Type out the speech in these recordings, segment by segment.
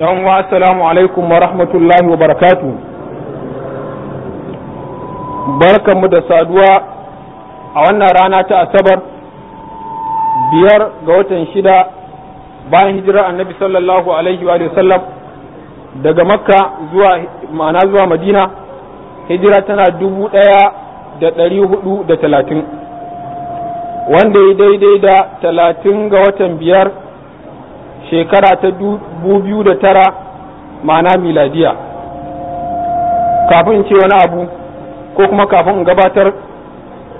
yan wa assalamu alaikum wa rahmatullahi wa barakatu barkanmu da saduwa a wannan rana ta asabar biyar ga watan shida bayan hijirar annabi sallallahu alaihi wa sallam daga makka zuwa ma'ana zuwa madina hijira tana dubu ɗaya da ɗari hudu da talatin wanda ya daidai da talatin ga watan biyar shekara ta biyu da tara ma'ana miladiya kafin ce wani abu ko kuma kafin in gabatar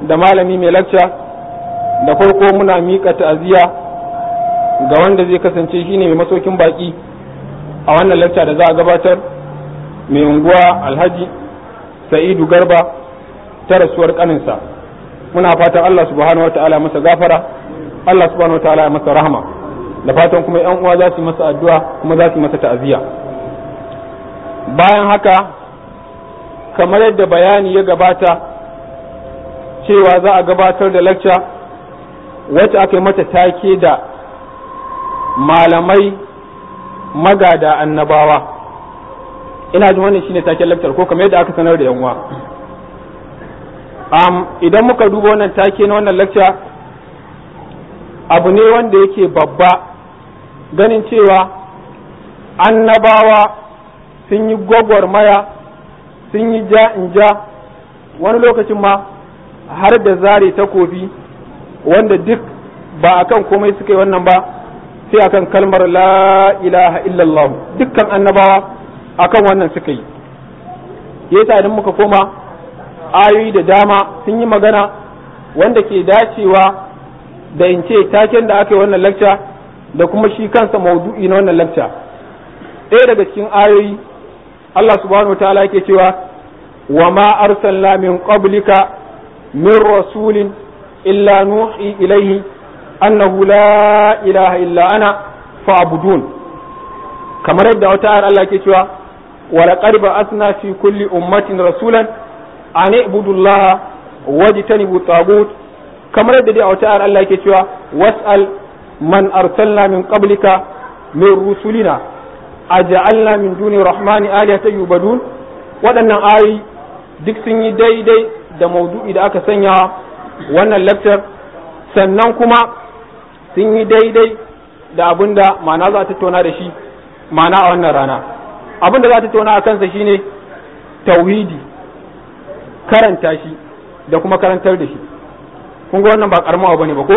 da malami mai lacca da farko muna miƙa ta'aziyya ga wanda zai kasance shine mai masaukin baƙi a wannan lacca da za a gabatar mai unguwa alhaji sa'idu garba ta rasuwar kaninsa muna fatan allah subhanahu wa ta'ala masa gafara allah subhanahu wa ta'ala masa rahama da fatan kuma yan uwa za su masa addu'a kuma za su masa ta'aziya bayan haka kamar yadda bayani ya gabata cewa za a gabatar da lacca wacce aka yi mata take da malamai magada annabawa ina jin wannan shine taken lacca ko kamar yadda aka sanar da yan uwa um, idan muka duba wannan take na wannan lacca abu ne wanda yake babba ganin cewa annabawa sun yi gwagwarmaya sun yi ja in ja wani lokacin ma har da zare takobi wanda duk ba a kan komai suka yi wannan ba sai akan kalmar la ilaha illallah dukkan annabawa a kan wannan suka yi yasa idan muka koma ayoyi da dama sun yi magana wanda ke dacewa da in ce taken da aka yi wannan lacca da kuma shi kansa maudu'i na wannan lacca ɗaya daga cikin ayoyi Allah subhanahu ta'ala yake cewa wa ma arsalna min qablika min rasulin illa nuhi ilaihi annahu la ilaha illa ana fa'budun kamar yadda wata ayar Allah yake cewa wa laqad ba'athna fi kulli ummatin rasulan an ibudu Allah wajtanibu tagut kamar yadda dai a wata ayar Allah yake cewa was'al man arsalna min qablika min rusulina aja'alna min duni rahmani alihatan yubadun waɗannan ayi duk sun yi daidai da maudu'i da aka sanya wannan lecture sannan kuma sun yi daidai da abin da ma'ana za a tattauna da shi ma'ana a wannan rana abin da za a tattauna a kansa shine tauhidi karanta shi da kuma karantar da shi kun ga wannan ba karamin ba ne ba ko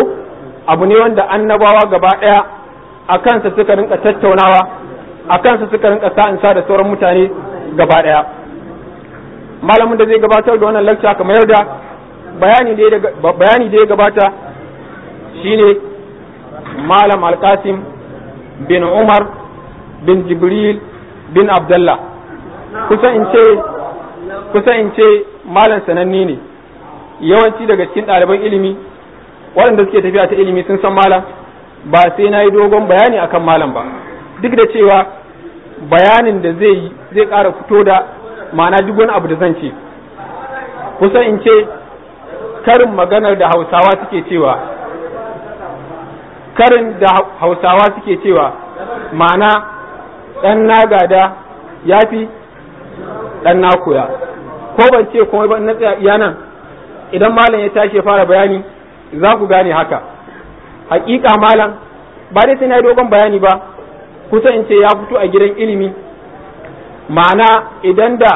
abu ne wanda annabawa gaba ɗaya a kansa suka rinka tattaunawa a kansa suka rinka sa da sauran mutane gaba ɗaya malamin da zai gabatar da wannan lakca kamar yadda bayani da ya gabata shine malam alkasim bin umar bin jibril bin abdullah kusan in ce kusan in ce malam sananne ne yawanci daga cikin ɗaliban ilimi waɗanda suke tafiya ta ilimi sun san malam ba sai na yi dogon bayani akan malam ba duk da cewa bayanin da zai yi zai ƙara fito da ma'ana duk wani abu da zan ce kusan in ce karin maganar da hausawa suke cewa karin da hausawa suke cewa ma'ana ɗan na gada ya fi ɗan na koya ko ban ce komai ba na tsaya iya nan idan malam ya tashi ya fara bayani za ku gane haka hakika malam ba dai sai na yi dogon bayani ba kusa in ce ya fito a gidan ilimi ma'ana idan da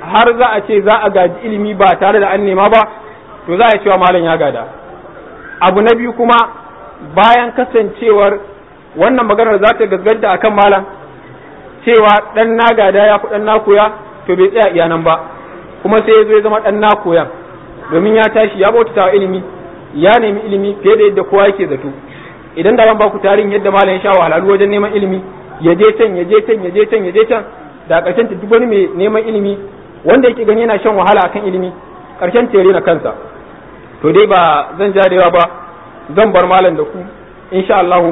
har za a ce za a gaji ilimi ba tare da an nema ba to za a cewa malam ya gada abu na biyu kuma bayan kasancewar wannan maganar za ta gasganta akan malam cewa dan na gada ya fi dan na koya to bai tsaya iyanan ba kuma sai ya zo ya zama dan na koyan domin ya tashi ya bauta ilimi ya nemi ilimi fiye da yadda kowa yake zato idan da ban ba ku tarihin yadda malam ya sha wahalhalu wajen neman ilimi ya je can ya je can ya je can ya je can da karshen ta duk wani mai neman ilimi wanda yake gani yana shan wahala akan ilimi karshen ta na kansa to dai ba zan ja da ba zan bar malam da ku insha Allah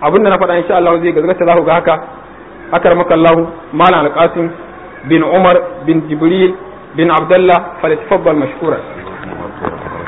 abin da na faɗa insha Allah zai gazgata za ku ga haka akar Allah malam alqasim bin umar bin jibril bin abdullah falyatafaddal mashkura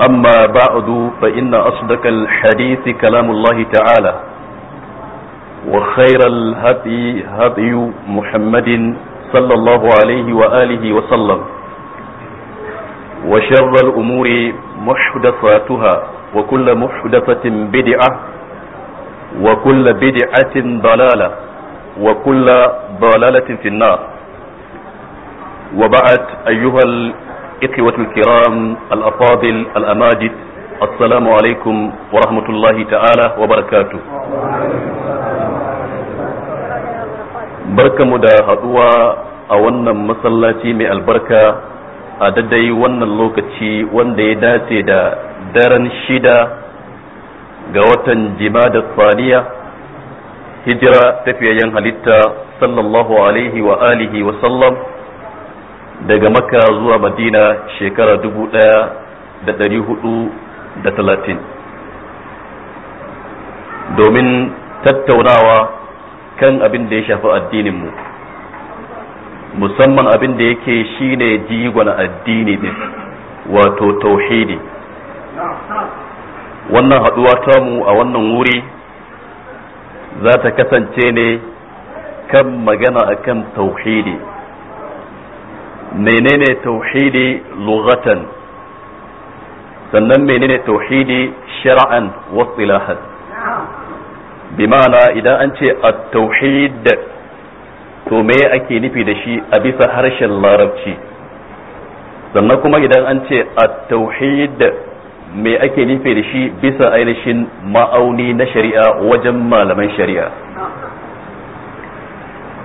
أما بعد فإن أصدق الحديث كلام الله تعالى وخير الهدي هدي محمد صلى الله عليه وآله وسلم وشر الأمور محدثاتها وكل محدثة بدعة وكل بدعة ضلالة وكل ضلالة في النار وبعد أيها إخوة الكرام الأفاضل الأماجد السلام عليكم ورحمة الله تعالى وبركاته da haɗuwa a wannan masallaci mai albarka a daddai wannan lokaci wanda ya dace da daren shida ga watan da saniya hijira tafiyayyen halitta sallallahu alaihi wa alihi wa sallam daga makka zuwa madina shekara dubu ɗaya da ɗari hudu da talatin domin tattaunawa kan abin da ya shafi addininmu musamman abin da yake shine jigon addini ne wato tauhidi wannan haɗuwa mu a wannan wuri za ta kasance ne kan magana akan tauhidi menene tauhidi lughatan sannan menene tauhidi shar'an wa istilahan bi ma'ana idan an ce at-tauhid to me ake nufi da shi a bisa harshen larabci sannan kuma idan an ce at-tauhid me ake nufi da shi bisa ainihin ma'auni na shari'a wajen malaman shari'a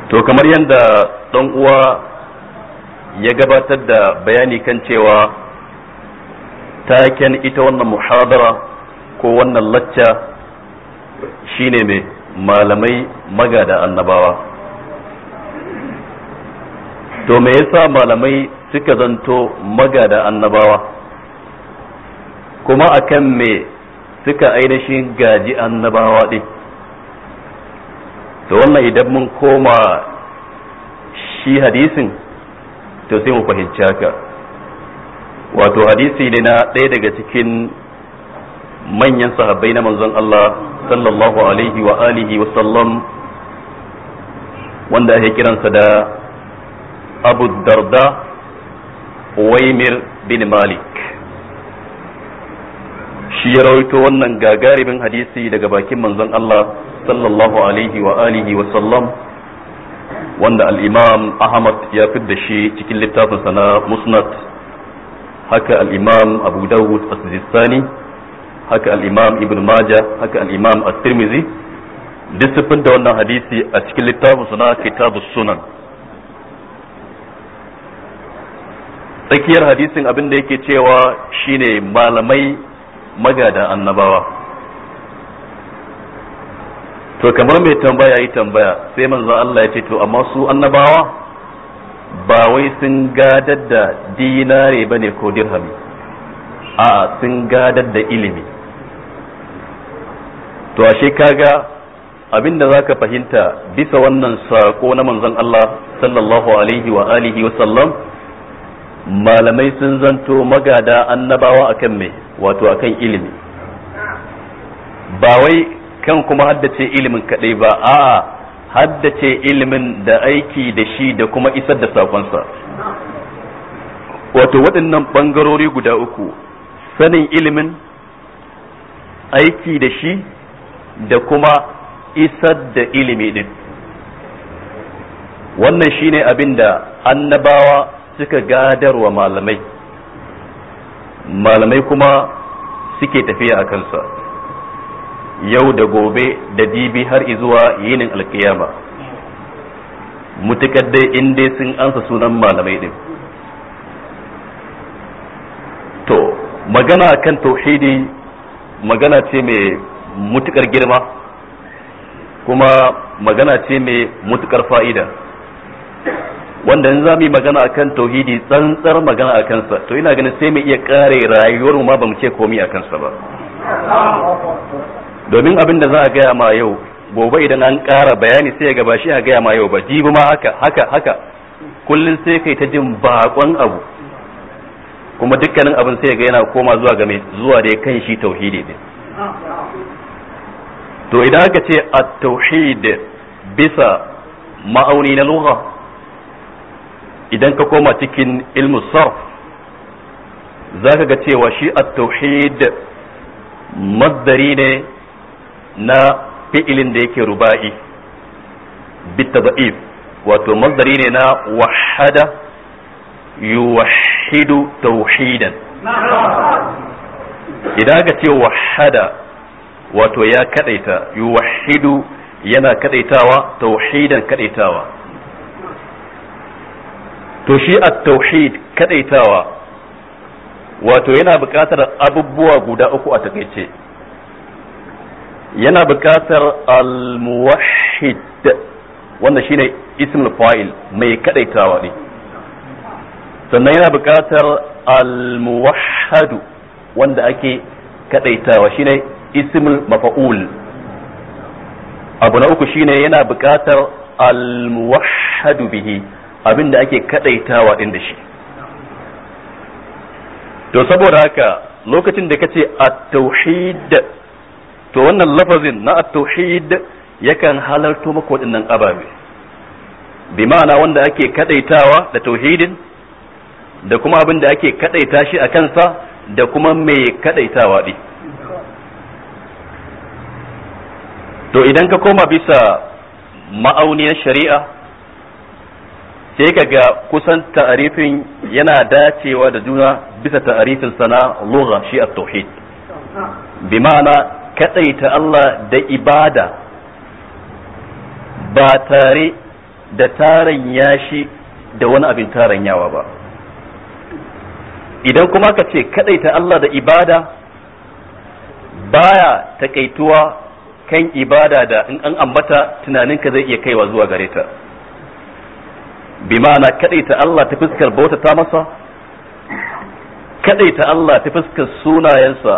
to kamar yadda dan uwa ya gabatar da bayani kan cewa taken ita wannan muhadara ko wannan lacca shine mai malamai magada annabawa to me yasa malamai suka zanto magada annabawa kuma akan me suka ainihin gaji annabawa ɗin to wannan idan mun koma shi hadisin to sai mu fahimci haka wato hadisi ne na ɗaya daga cikin manyan sahabbai na manzon Allah sallallahu alaihi wa alihi wa sallam wanda ake kiransa da Abu Darda Uwaimir bin Malik shi ya rawaito wannan gagarumin hadisi daga bakin manzon Allah sallallahu alaihi wa alihi wa sallam wanda al'imam ahmad ya fi da shi cikin littafin na musnad haka al-imam abu dawud as-sijistani haka al'imam imam ibn majah haka al-imam at-tirmidhi da wannan hadisi a cikin littafin sana kitabus sunan tsakiyar hadisin abin da yake cewa shine malamai magada annabawa to kamar mai tambaya yi tambaya sai manzan Allah ya ce to amma su annabawa ba wai sun gadar da dinare ba ne ko dirhami a sun gadar da ilimi to ashe kaga abinda zaka fahimta bisa wannan sako na manzon Allah sallallahu alaihi wa alihi wa sallam malamai sun zanto magada annabawa akan me wato akan ilimi ba wai kan kuma haddace ilimin kaɗai ba a haddace ilimin da aiki da shi da kuma isar da sakonsa wato waɗannan ɓangarori guda uku sanin ilimin aiki da shi da kuma isar da ilimi din wannan shine abin da annabawa suka gadarwa malamai malamai kuma suke tafiya a kansa yau da gobe da dibi har izuwa yinin alkiyama mutukar dai in dai sun ansa sunan malamai din to magana kan tauhidi magana ce mai mutukar girma kuma magana ce mai mutukar fa'ida wanda in za mu yi magana akan tauhidi tsantsar magana a kansa to ina ganin sai mu iya kare rayuwar mu ma ba mu ce komai a kansa ba domin abin da za a gaya ma yau gobe idan an ƙara bayani sai ya gaba shi a gaya ma yau ba jibi ma haka haka haka kullum sai kai ta jin bakon abu kuma dukkanin abin sai ga yana koma zuwa ga mai zuwa da kan shi tauhidi ne to idan aka ce at-tauhid bisa ma'auni na lugha idan ka koma cikin ilmu sarf zaka ga cewa shi at-tauhid maddari ne na fi'ilin da yake ruba'i bitada'if wato mazdari ne na wahada yuwahidu tauhidan idan aka ce wahada wato ya kadaita yuwahidu yana kadaitawa tauhidan kadaitawa to shi at-tauhid kadaitawa wato yana buƙatar abubuwa guda uku a takaice yana bukatar al-muwahhid wanda shine ismul fa'il mai kadaitawa ne sannan yana bukatar al muwahhad wanda ake kadaitawa shine ismul mafa'ul abu na uku shine yana bukatar al muwahhad bihi abinda ake kadaitawa din da shi to saboda haka lokacin da kace at-tauhid to wannan lafazin na at-tauhid yakan halarto maka waɗannan ababe bi ma'ana wanda ake kadaitawa da tauhidin da kuma abin da ake kadaita shi a kansa da kuma mai kadaitawa din to idan ka koma bisa ma'auniyar shari'a sai ka ga kusan ta'arifin yana dacewa da juna bisa ta'arifin sana lugha shi at-tauhid bi ma'ana kadaita Allah da ibada ba tare da taron yashi da wani abin taron yawa ba idan kuma ka ce kadaita Allah da ibada baya takaituwa kan ibada da in an ambata tunaninka zai iya kaiwa zuwa gare ta bi ma'ana kadaita Allah ta fuskar bauta ta masa kadaita Allah ta fuskar sunayensa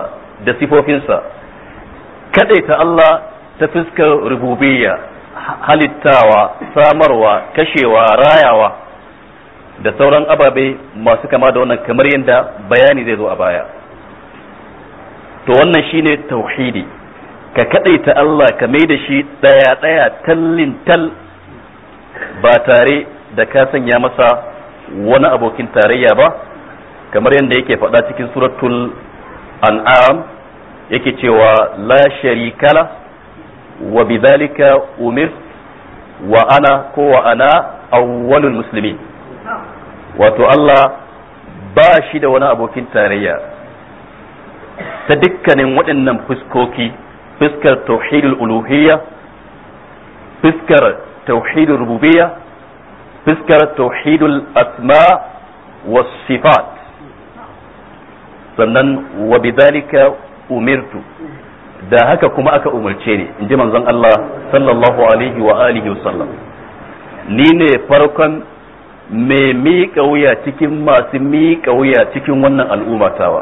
da sifofinsa kadaita Allah ta fuskar rububiyya halittawa samarwa kashewa rayawa da sauran ababe masu kama da wannan kamar yadda bayani zai zo a baya to wannan shine tauhidi ka kadaita Allah ka mai da shi daya daya tallin tal ba tare da ka sanya masa wani abokin tarayya ba kamar yadda yake faɗa cikin suratul an'am yake cewa la sharikala wa bidhalika umir wa ana ko wa ana awwalul muslimin wato Allah ba shi da wani abokin tarayya ta dukkanin waɗannan fuskoki fuskar tauhidul uluhiyya fuskar tauhidul rububiyya fuskar tauhidul asma wa sifat sannan wa bidhalika umirtu da haka kuma aka umarce ni in ji manzon Allah sallallahu alaihi wa alihi wa ni ne farkon mai miƙa wuya cikin masu miƙa wuya cikin wannan al'umma tawa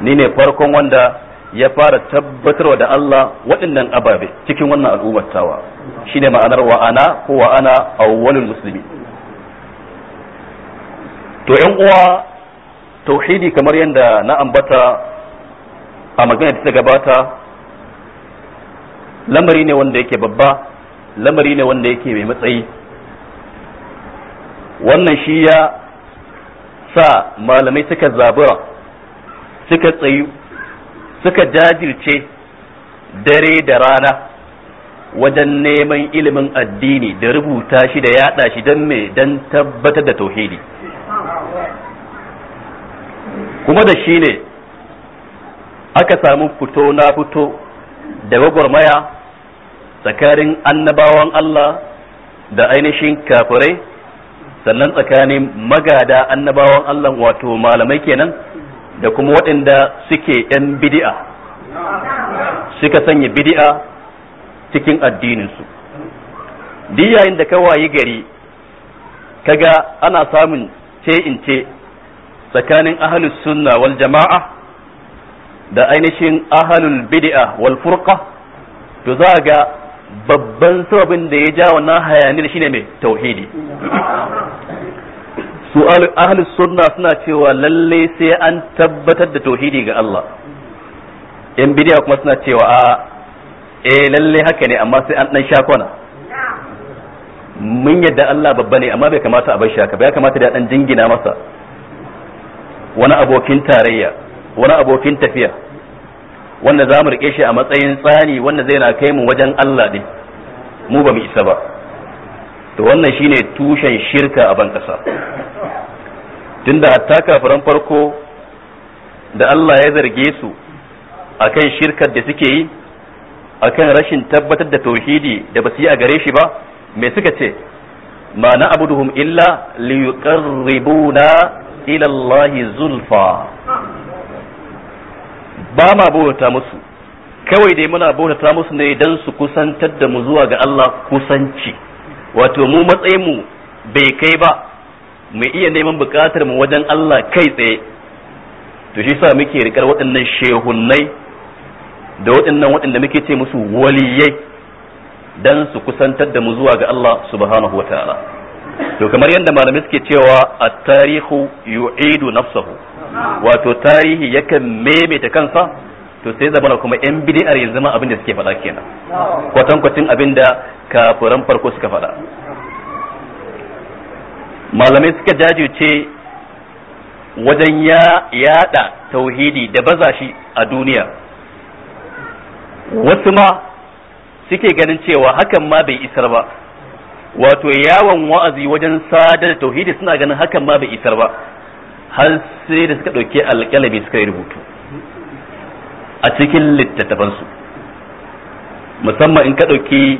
ni ne farkon wanda ya fara tabbatarwa da Allah waɗannan ababe cikin wannan al'ummar tawa shine ma'anar wa ana ko wa ana awwalul muslimi to yan uwa tauhidi kamar yadda na ambata a magana ta gabata lamari ne wanda yake babba lamari ne wanda yake mai matsayi wannan shi ya sa malamai suka zabura suka tsayu suka jajirce dare da rana wajen neman ilimin addini da rubuta shi da yada shi don me don tabbatar da tauhidi kuma da shi ne aka samu fito na fito da gwagwarmaya tsakanin annabawan Allah da ainihin kafirai sannan tsakanin magada annabawan Allah wato malamai kenan da kuma waɗanda suke 'yan bidi'a suka sanya bidi'a cikin addininsu duk yayin da ka wayi gari kaga ana samun ce in ce tsakanin ahlus sunna wal jama'a da ainihin ahalul bid'a wal furqa to za ga babban sababin da ya ja wannan shi shine mai tauhidi su ahli sunna suna cewa lalle sai an tabbatar da tauhidi ga Allah yan bid'a kuma suna cewa a eh lalle haka ne amma sai an dan shakona mun yadda Allah babba ne amma bai kamata a bar shaka ba ya kamata da dan jingina masa wani abokin tarayya wani abokin tafiya wanda za mu rike shi a matsayin tsani wanda zai na kai mu wajen Allah ne mu ba mu isa ba to wannan shine tushen shirka a ban tunda hatta kafiran farko da Allah ya zarge su akan shirkar da suke yi akan rashin tabbatar da tauhidi da basu yi a gare shi ba me suka ce ma na abuduhum illa liyuqarribuna ila Allah zulfa ba ma bauta musu kawai dai muna bautata musu ne dan su kusantar da mu zuwa ga Allah kusanci wato mu matsayin mu bai kai ba mu iya neman bukatar mu wajen Allah kai tsaye to shi sa muke rikar waɗannan shehunnai da waɗannan waɗanda muke ce musu waliyai dan su kusantar da mu zuwa ga Allah subhanahu wa ta'ala to kamar yadda malamai suke cewa at-tarihu yu'idu nafsahu wato tarihi yakan maimaita kansa to sai zama kuma yan bid'ar yanzu ma abin da suke faɗa kenan kwatankwacin abin da kafuran farko suka faɗa malamai suka jajirce wajen ya yada tauhidi da baza shi a duniya wasu ma suke ganin cewa hakan ma bai isar ba wato yawon wa'azi wajen sadar tauhidi suna ganin hakan ma bai isar ba har sai da suka ɗauki alƙalami suka yi rubutu a cikin littattafansu musamman in ka ɗauki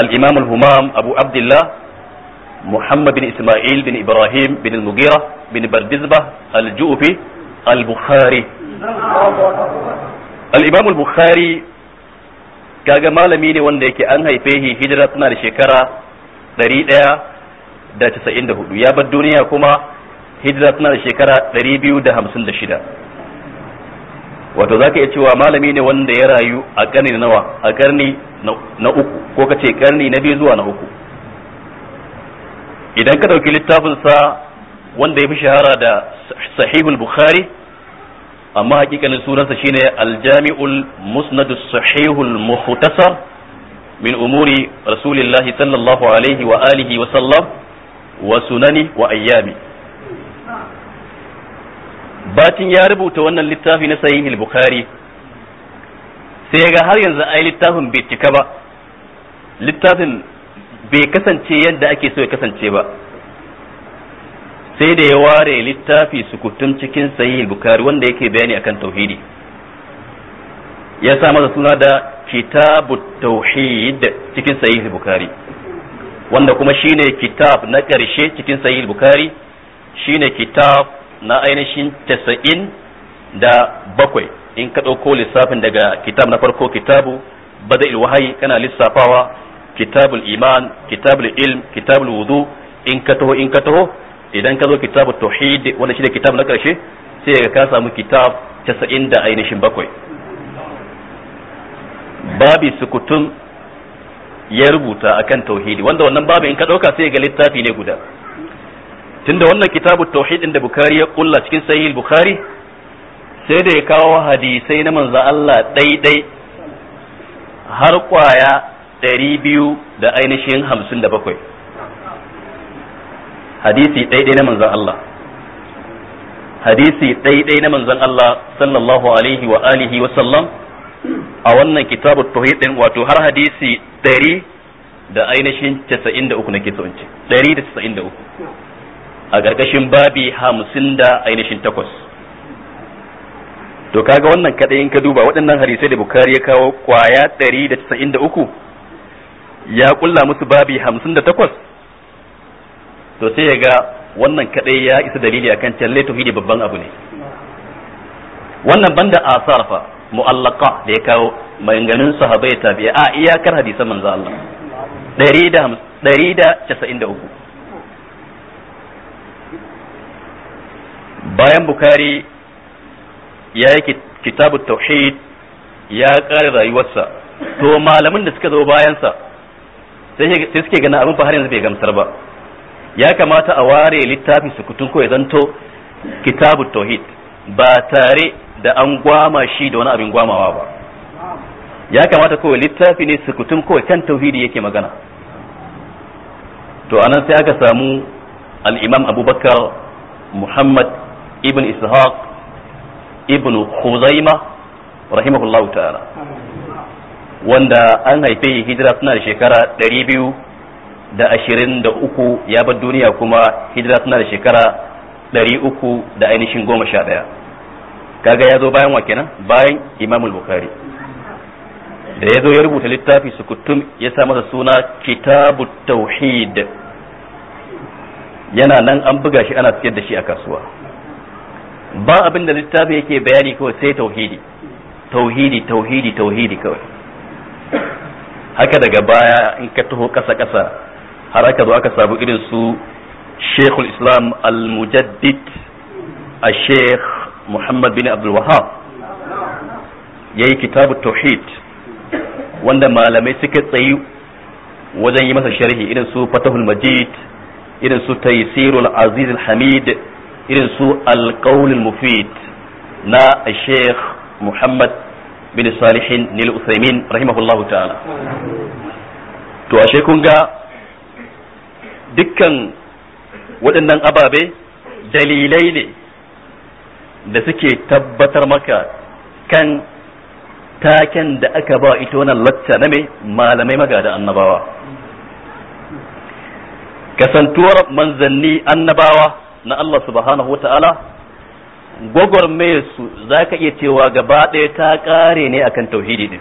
al'imam al-humam abu abdullah muhammad bin ismail bin ibrahim bin al-mugira bin bardizba al-ju'fi al-bukhari al-imam al-bukhari kaga malami ne wanda yake an haife shi hijira tana da shekara 194 ya bar duniya kuma hijira tana da shekara 256 wato zaka iya cewa malami ne wanda ya rayu a karni na nawa a karni na uku ko ka ce karni na biyu zuwa na uku idan ka ɗauki littafinsa wanda ya fi shahara da sahihul bukhari amma hakikanin sunansa shine aljami'ul musnad sahihul muhtasar min umuri rasulillahi sallallahu alaihi wa alihi wa sallam wa sunani wa ayyami bacin ya rubuta wannan littafi na sahihul bukhari sai ga har yanzu ai littafin bai cika ba littafin bai kasance yadda ake so ya kasance ba sai da ya ware littafi sukutun cikin sahihul bukhari wanda yake bayani akan tauhidi ya sa masa suna da kitabu tauhid cikin sahihul bukhari wanda kuma shine kitab na ƙarshe cikin sahihul bukhari shine kitab na ainihin tasa'in da bakwai in ka ɗauko lissafin daga kitab na farko kitabu bada ilwahayi kana lissafawa kitabul iman kitabul ilm kitabul wudu in ka taho in ka taho idan ka zo kitabu tauhid wanda shi da kitab na ƙarshe sai ka samu kitab tasa'in da ainihin bakwai babi sukutun ya rubuta akan tauhidi wanda wannan babu in ka ɗauka sai ga littafi ne guda tunda wannan kitabu tauhid da bukari ya kulla cikin sahih bukhari sai da ya kawo hadisai na manzo Allah daidai har kwaya ɗari biyu da ainihin hamsin da bakwai hadisi daidai na manzo Allah hadisi daidai na manzon Allah sallallahu alaihi wa alihi wa sallam a wannan kitabu tauhid din wato har hadisi ɗari da ainihin casa'in da uku so in ce ɗari da casa'in da uku a gargashin babi hamsin da ainihin takwas to kaga wannan kadai in ka duba waɗannan hadisai da bukari ya kawo kwaya ɗari da casa'in da uku ya kulla musu babi hamsin da takwas to sai ya ga wannan kadai ya isa dalili akan talle tauhidi babban abu ne wannan banda a fa mu'allaka da ya kawo maganganun sahabbai tabi'a a iyakar hadisan manzo Allah uku. bayan bukari ya yi kitabu tauhid ya ƙara rayuwarsa to malamin da suka zo bayansa sai suke gana abin har yanzu bai gamsar ba ya kamata a ware littafin kutun ko ya zanto kitabu tauhid ba tare da an gwama shi da wani abin gwamawa ba ya kamata kawai littafi ne su kutun kawai kan tauhidi yake magana to anan sai aka samu al-imam abubakar muhammad ibn ishaq ibn khuzaima rahimahullahu ta'ala wanda an haife hijira suna da shekara ɗari biyu 223 ya bar duniya kuma hijira suna da shekara 300 da ainihin goma sha ɗaya kaga ya zo bayan wa kenan bayan imamul bukhari da ya zo ya rubuta littafi sukutum ya sa masa suna kitabu tauhid yana nan an buga shi ana siyar da shi a kasuwa ba abin da littafi yake bayani kawai sai tauhidi tauhidi tauhidi tauhidi kawai haka daga baya in ka taho kasa kasa har aka zo aka samu irin su shekul islam al-mujaddid a sheikh muhammad bin abdul wahab ya kitabu tauhid wanda malamai suka tsayi wajen yi masa sharhi irin su fatahul majid irin su taysirul aziz al-hamid irin su alƙaunin mufid na sheikh muhammad bin salihin nil usaimin rahimahullahu ta'ala to ashe kun ga dukkan waɗannan ababe dalilai ne da suke tabbatar maka kan taken da aka ba ita wannan latta na mai malamai magada annabawa kasantuwar manzanni annabawa na Allah subhanahu wa ta'ala gwagwarmayar su za ka iya cewa gaba ɗaya ta ƙare ne akan tauhidi ne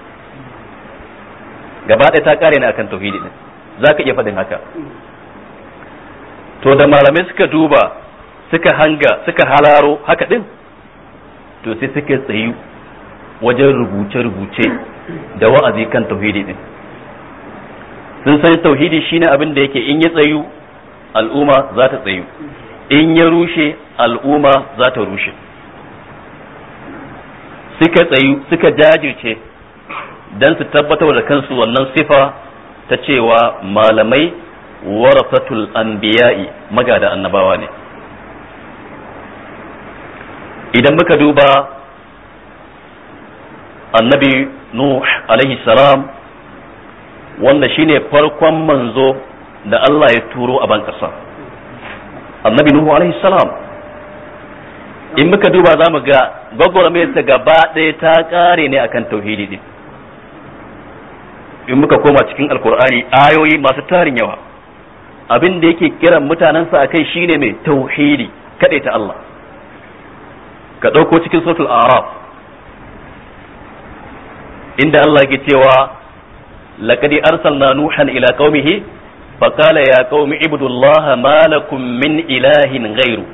gaba ɗaya ta ƙare ne akan tauhidi ne za ka iya faɗin haka to da malamai suka duba suka hanga suka halaro haka ɗin to sai suka tsayu wajen rubuce-rubuce da wa'azi kan tauhidi ɗin sun san tauhidi shine abin da yake in ya tsayu al'umma za ta tsayu in ya rushe al'umma za ta rushe suka tsayu suka jajirce don su tabbatar da kansu wannan sifa ta cewa malamai warasatul anbiya'i magada annabawa ne idan muka duba annabi nuh alaihi salam wanda shine farkon manzo da Allah ya turo a ban annabi nuhu alaihi salam in muka duba za mu ga gwagwarmayarsa gaba ɗaya ta ƙare ne akan tauhidi din in muka koma cikin alkur'ani ayoyi masu tarin yawa abin da yake kiran mutanensa kai shine mai tauhidi kaɗai ta Allah ka ɗauko cikin suratul araf inda Allah ke cewa laqad arsalna nuhan ila qaumihi فقال يا قوم اعبدوا الله ما لكم من إله غيره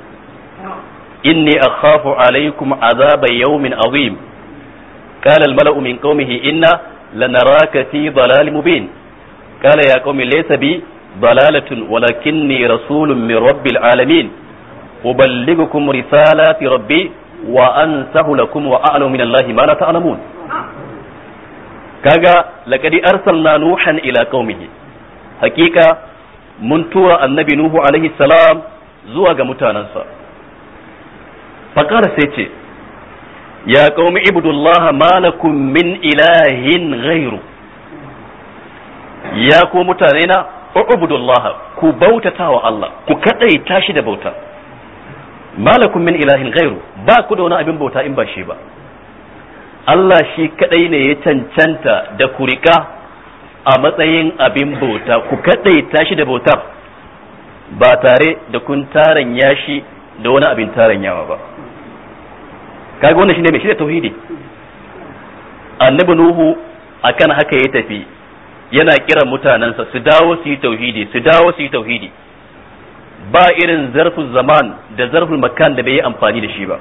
إني أخاف عليكم عذاب يوم عظيم قال الملأ من قومه إنا لنراك في ضلال مبين قال يا قوم ليس بي ضلالة ولكني رسول من رب العالمين أبلغكم رسالات ربي وأنسه لكم وأعلم من الله ما لا تعلمون كاغا لقد أرسلنا نوحا إلى قومه hakika mun tura annabi nuhu alaihi salam zuwa ga mutanensa fakara sai ce ya qaumi ibudullaha malakum min ilahin ghairu ya ku mutane na ubudullaha ku bautata wa Allah ku kadai tashi da bauta malakum min ilahin ghairu ba ku da wani abin bauta in ba shi ba Allah shi kadai ne ya cancanta da kurika a matsayin abin bauta ku kadai shi da bautar ba tare da kun taran yashi da wani abin yawa ba kaga wannan shine mai shi da tauhidi annabi nuhu akan haka ya tafi yana kiran mutanensa su dawo su yi tauhidi su dawo su yi tauhidi ba irin zarfin zaman da zarfin makan da bai yi amfani da shi ba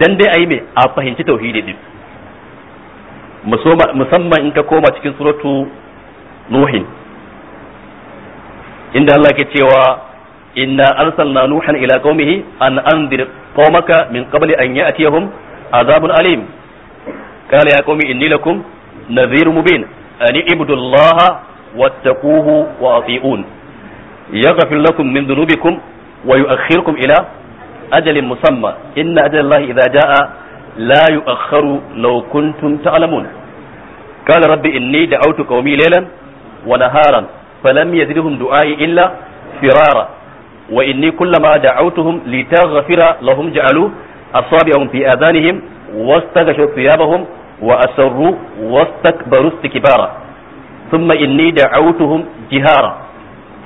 dan dai ayi mai a fahimci tauhidi din musamman in ka koma cikin suratu nuhin inda Allah ke cewa inna arsalna nuhan ila qaumihi an anzir qaumaka min qabli an ya'tiyahum azabun alim qala ya qaumi inni lakum nadhirun mubin an ibudu wattaquhu wa ati'un yaghfir lakum min dhunubikum wa yu'akhirukum ila ajalin musamma inna ajala Allah idza jaa la yu'akhkharu law kuntum ta'lamun qala rabbi inni da'awtu qaumi laylan wa naharan falam yazidhum du'ai illa firara wa inni kullama da'awtuhum litaghfira lahum ja'alu asabi'ahum fi adhanihim واستغشوا ثيابهم وأسروا واستكبروا استكبارا ثم إني دعوتهم جهارا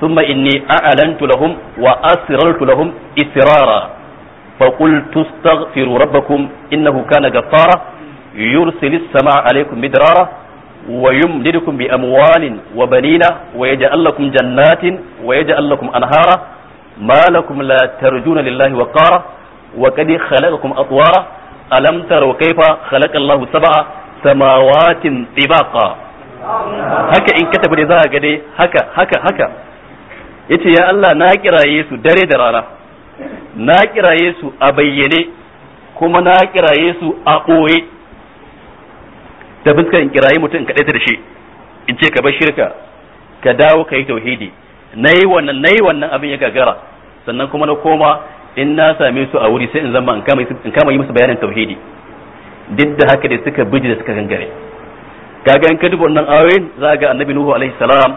ثم إني أعلنت لهم وأسررت لهم إسرارا فقلت استغفروا ربكم إنه كان غفارا يرسل السماء عليكم مدرارا wa yumdidukum bi amwalin wa banina wa jannatin wa yaj'al lakum anhara ma lakum la tarjuna lillahi wa qara wa qad khalaqakum atwara alam taru kayfa khalaqa Allahu sab'a samawatin tibaqa haka in ka tafi za ga dai haka haka haka yace ya Allah na kiraye su dare da rana na kiraye su a bayyane kuma na kiraye su a ɓoye ta fuskar in kirayi mutum kaɗai ta da shi in ce ka bar shirka ka dawo ka yi tauhidi na yi wannan na wannan abin ya gagara sannan kuma na koma in na same su a wuri sai in zama in kama yi musu bayanin tauhidi duk da haka da suka biji da suka gangare kaga in ka duba wannan ayoyin za ga annabi nuhu alaihi salam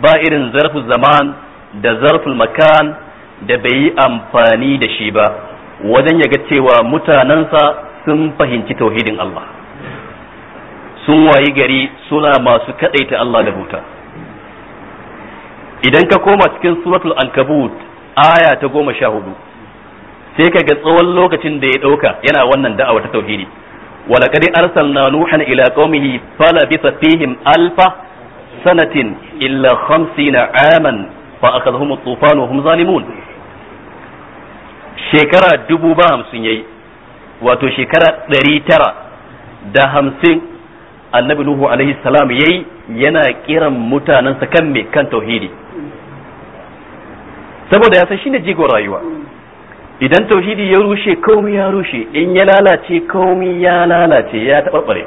ba irin zarfu zaman da zarfin makan da bai yi amfani da shi ba wajen ya ga cewa mutanensa sun fahimci tauhidin Allah sun wayi gari suna masu kadaita Allah da bauta idan ka koma cikin suratul ankabut aya ta goma sha hudu sai ka ga tsawon lokacin da ya dauka yana wannan da'awa ta tauhidi ila أرسلنا نوحا إلى قومه sanatin فيهم ألف سنة إلا خمسين عاما فأخذهم الطوفان وهم ظالمون shekara dubu ba hamsin yayi wato shekara ɗari tara da hamsin annabi nuhu alaihi salam yayi yana kiran mutanensa kan me kan tauhidi saboda ya san shine jigon rayuwa idan tauhidi ya rushe komai ya rushe in ya lalace komai ya lalace ya taɓarɓare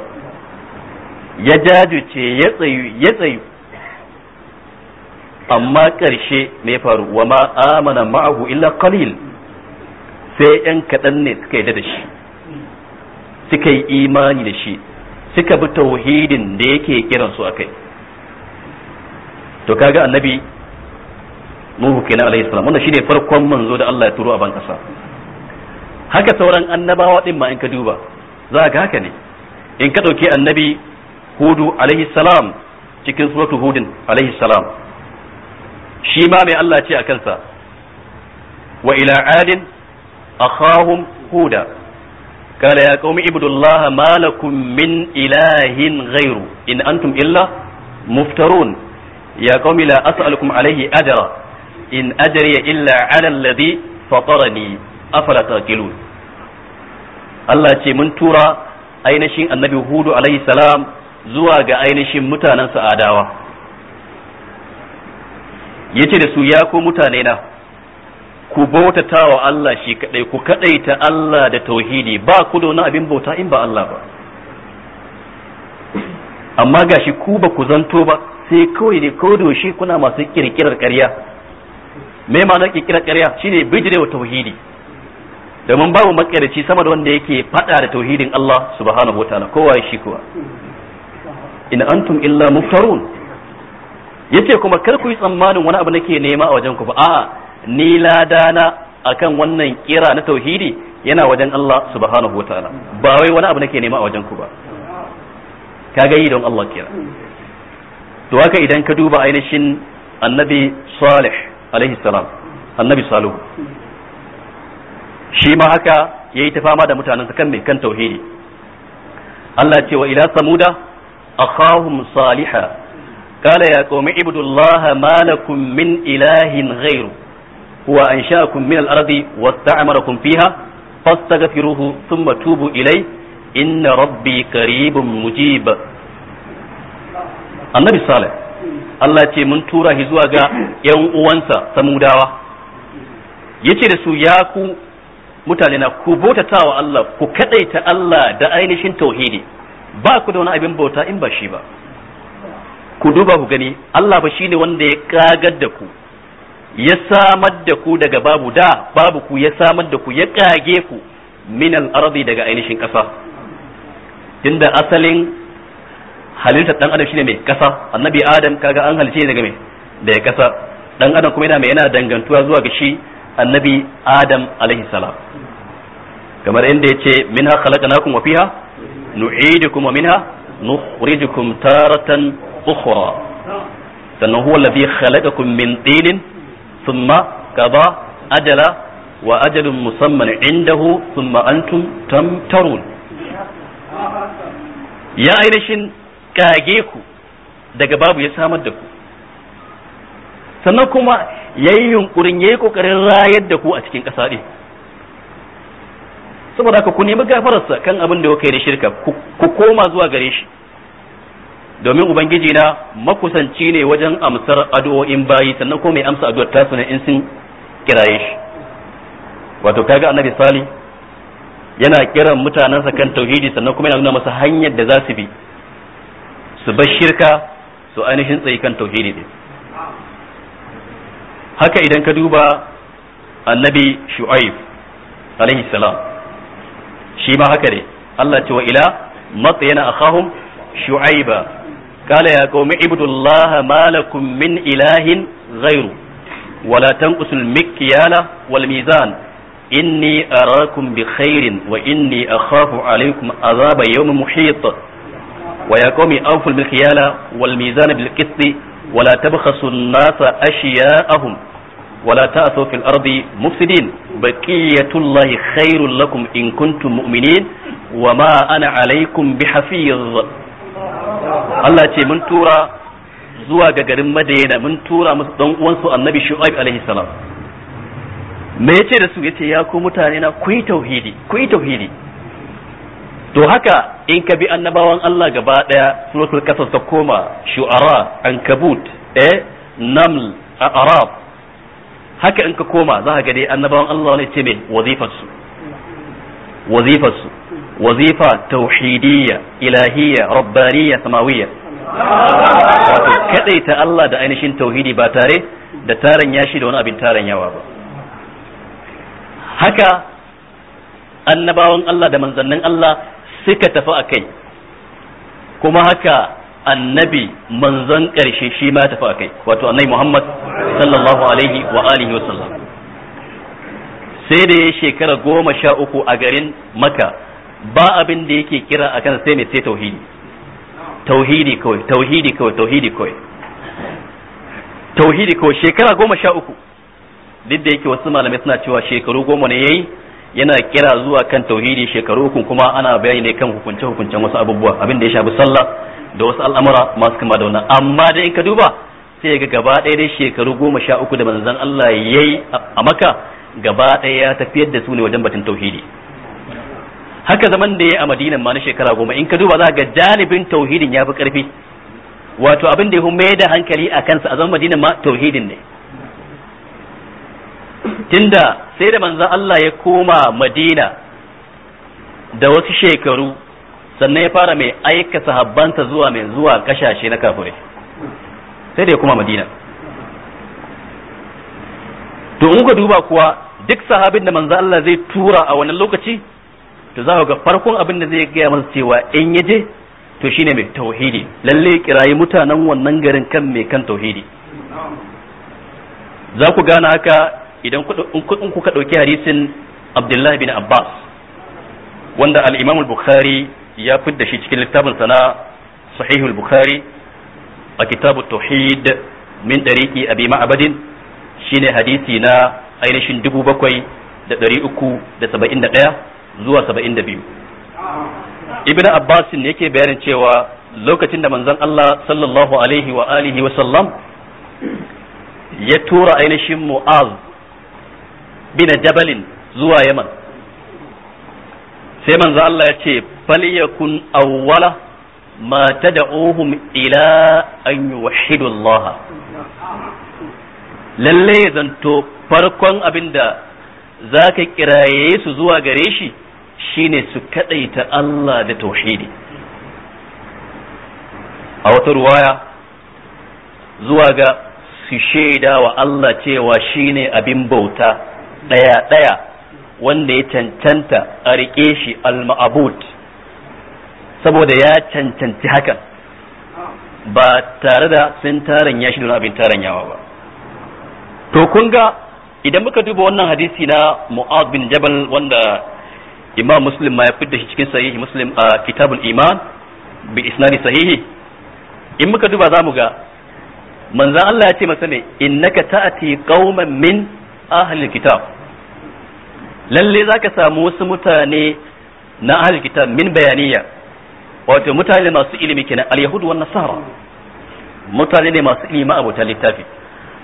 ya jajuce ya tsayu ya tsayu amma karshe me faru wa ma amana ma'ahu illa qalil sai yan kaɗan ne suka yi da shi suka yi imani da shi suka bi tauhidin da yake kiran su akai to kaga annabi nuhu kenan alaihi salam wannan shine farkon manzo da Allah ya turo a ban kasa haka sauran annabawa din ma in ka duba za ga haka ne in ka dauki annabi hudu alaihi salam cikin suratu hudin alaihi salam shi ma mai Allah ce a kansa wa ila adin akhahum huda قال يا قوم اعبدوا الله ما لكم من إله غيره إن أنتم إلا مفترون يا قوم لا أسألكم عليه أجرا إن أجري إلا على الذي فطرني أفلا تعقلون Allah ce mun tura ainihin annabi Hudu alaihi salam zuwa ga ainihin mutanen sa'adawa yace da su ya ko mutane na ku bautata wa Allah shi kadai ku kadaita Allah da tauhidi ba ku da wani abin bauta in ba Allah ba amma gashi ku ba ku zanto ba sai kawai ne ko da shi kuna masu kirkirar ƙarya me ma'anar kirkirar ƙarya shine bijirewa tauhidi domin babu makarici sama da wanda yake fada da tauhidin Allah subhanahu wataala kowa shi kuwa in antum illa muftarun yace kuma kar ku yi tsammanin wani abu nake nema a wajen ku ba a'a ni ladana akan wannan kira na tauhidi yana wajen Allah subhanahu wa ta'ala ba wai wani abu nake nema a wajen ku ba kaga yi don Allah kira to haka idan ka duba ainihin annabi salih alaihi salam annabi salihu shi ma haka yayi ta fama da mutanen kan mai kan tauhidi Allah ce wa ila samuda akhahum saliha قال يا قوم اعبدوا الله ما لكم من إله غيره هو ansha'akum من الأرض واستعمركم فيها فاستغفروه ثم توبوا tubu إن inna rabbi مجيب النبي صالح Allah ce mun tura shi zuwa ga yan uwansa samudawa ce da su ya ku mutane na ku wa Allah ku kadaita Allah da ainihin tauhidi ba ku da wani abin bauta in ba shi ba ku duba ku gani Allah ba ne wanda ya kagar da ku ya samar da ku daga babu da babu ku ya samar da ku ya kage ku min al-ardi daga ainihin kasa inda asalin halitta dan adam shine mai kasa annabi adam kaga an halice daga mai daga kasa dan adam kuma yana mai yana dangantuwa zuwa ga shi annabi adam alaihi salam kamar inda yace minha khalaqnakum wa fiha nu'idukum wa minha nukhrijukum taratan ukhra sannan huwa alladhi khalaqakum min tinin ثم قضى ajala wa ajalun musamman ثم أنتم تمترون يا ya ainihin kage ku daga babu ya samar da ku sannan kuma yayi yunkurin yayi kokarin rayar da ku a cikin ƙasa ɗin saboda haka ku nemi gafararsa kan abin da ya yi da shirka ku koma zuwa gare shi domin ubangiji na makusanci ne wajen amsar addu'o'in bayi sannan ko mai amsa addu'ar tasu ne in sun kiraye shi wato kaga annabi sali yana kiran mutanensa kan tauhidi sannan kuma yana nuna masa hanyar da za su bi su bar shirka su ainihin tsayi kan tauhidi din haka idan ka duba annabi shu'aib alaihi salam shi ma haka ne Allah ce wa ila matsayana akhahum shu'aiba قال يا قوم اعبدوا الله ما لكم من إله غيره ولا تنقصوا المكيال والميزان إني أراكم بخير وإني أخاف عليكم عذاب يوم محيط ويا قوم أوفوا المكيال والميزان بالقسط ولا تبخسوا الناس أشياءهم ولا تأسوا في الأرض مفسدين بقية الله خير لكم إن كنتم مؤمنين وما أنا عليكم بحفيظ Allah ce mun tura zuwa ga garin Madina mun tura musu dan uwansu Annabi Shu'aib alaihi salam me yace da su yace ya ku mutane na ku yi tauhidi ku yi tauhidi to haka in ka bi annabawan Allah gaba daya suratul kasas ta koma shu'ara ankabut eh naml arab haka in ka koma za ka ga dai annabawan Allah ne ce me wazifarsu wazifarsu wazifa tauhidiyya ilahiyya rabbaniyya samawiyya wato kadaita Allah da ainihin tauhidi ba tare da taran yashi da wani abin taran yawa ba haka annabawan Allah da manzannin Allah suka tafi a kai kuma haka annabi manzon ƙarshe shi ma tafi a kai wato annabi Muhammad sallallahu alaihi wa alihi wasallam sai da ya shekara goma sha uku a garin maka ba abin da yake kira akan sai mai sai tauhidi tauhidi kawai tauhidi kawai tauhidi kawai tauhidi kawai shekara goma sha uku duk da yake wasu malamai suna cewa shekaru goma ne yayi yana kira zuwa kan tauhidi shekaru uku kuma ana bayani ne kan hukunce hukuncen wasu abubuwa abin da ya shafi sallah da wasu al'amura masu kama da wannan amma da in ka duba sai ga gaba ɗaya dai shekaru goma sha uku da manzon Allah yayi a maka gaba ɗaya ya tafiyar da su ne wajen batun tauhidi haka zaman da ya a madinan ma na shekara goma in ka duba za ga janibin tauhidin ya fi karfi wato abin da ya mai da hankali a kansa a zaman madinan ma tauhidin ne tunda sai da manzan Allah ya koma madina da wasu shekaru sannan ya fara mai aika sahabbanta zuwa mai zuwa kashashe na kafirai sai da ya koma madina to in ka duba kuwa duk sahabin da manzo Allah zai tura a wannan lokaci to za ga farkon abin da zai gaya masa cewa in ya je to shine mai tauhidi lalle kirayi mutanen wannan garin kan mai kan tauhidi za ku gane haka idan in kuka ɗauki hadisin abdullahi bin abbas wanda al-imam al-bukhari ya fidda shi cikin littafin sana sahih al-bukhari a kitabu tauhid min dariki abi ma'abadin shine hadisi na ainihin dubu bakwai da ɗari uku da saba'in da ɗaya zuwa saba'in da biyu ibn abbas ne yake bayanin cewa lokacin da manzon Allah sallallahu alaihi wa alihi wa sallam ya tura ainihin mu'az bin jabalin zuwa yaman sai manzon Allah ya ce falyakun awwala ma tad'uhum ila an yuwahhidu Allah lalle ya zanto farkon abinda zaka kiraye su zuwa gare shi shine su kadaita Allah da tauhidi a wata ruwaya zuwa ga su shaida wa Allah cewa shine abin bauta daya daya wanda ya cancanta a rike shi al-ma'bud saboda ya cancanci hakan ba tare da sun taran ya shi don abin taran yawa ba to kun ga idan muka duba wannan hadisi na Mu'ad bin jabal wanda imam muslim ma ya fidda shi cikin sahihi muslim a kitabul iman bi isnadi sahihi in muka duba za mu ga manzan Allah ya ce masa ne innaka ta'ati qauman min ahlil kitab lalle zaka samu wasu mutane na ahlil kitab min bayaniya wato mutane masu ilimi kenan al-yahud wan nasara mutane ne masu ilimi ta littafi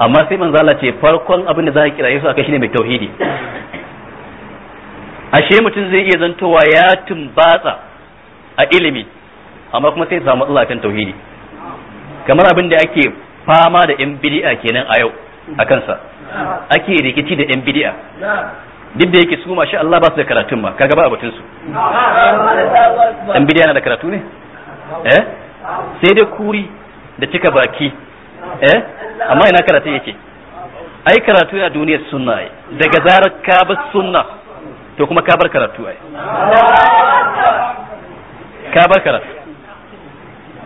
amma sai manzo Allah ce farkon abin da za ka kira su aka shine mai tauhidi ashe mutum zai iya zantowa ya tumbatsa a ilimi amma kuma sai samu Allah kan tauhidi kamar abin da ake fama da yan bid'a kenan a yau a kansa ake rikici da yan bid'a duk da yake su masha Allah ba su da karatun ma kaga ba a batun su yan bid'a na da karatu ne eh sai dai kuri da cika baki eh amma ina karatu yake ai karatu a duniyar sunna daga zarar ka bar sunna to kuma ka bar karatu ai ka bar karatu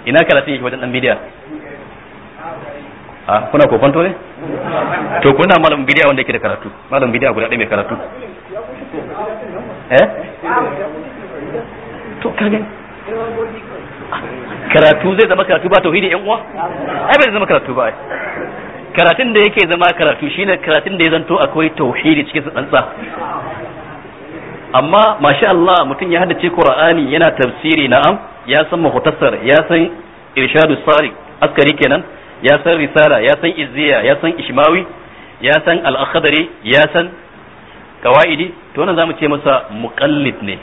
ina karatu yake wajen dan bidiya a kuna kofanto ne to kuna malamin bidiya wanda yake da karatu malamin bidiya guda ɗaya mai karatu eh to kage karatu zai zama karatu ba tauhidi yan uwa ai bai zama karatu ba ai karatun da yake zama karatu shine karatun da ya zanto akwai tauhidi cikin tsantsa amma masha Allah mutum ya haddace Qur'ani yana tafsiri na'am ya san muhtasar ya san irshadu sari askari kenan ya san risala ya san izziya ya san ishmawi ya san al-akhdari ya san kawaidi to wannan zamu ce masa muqallid ne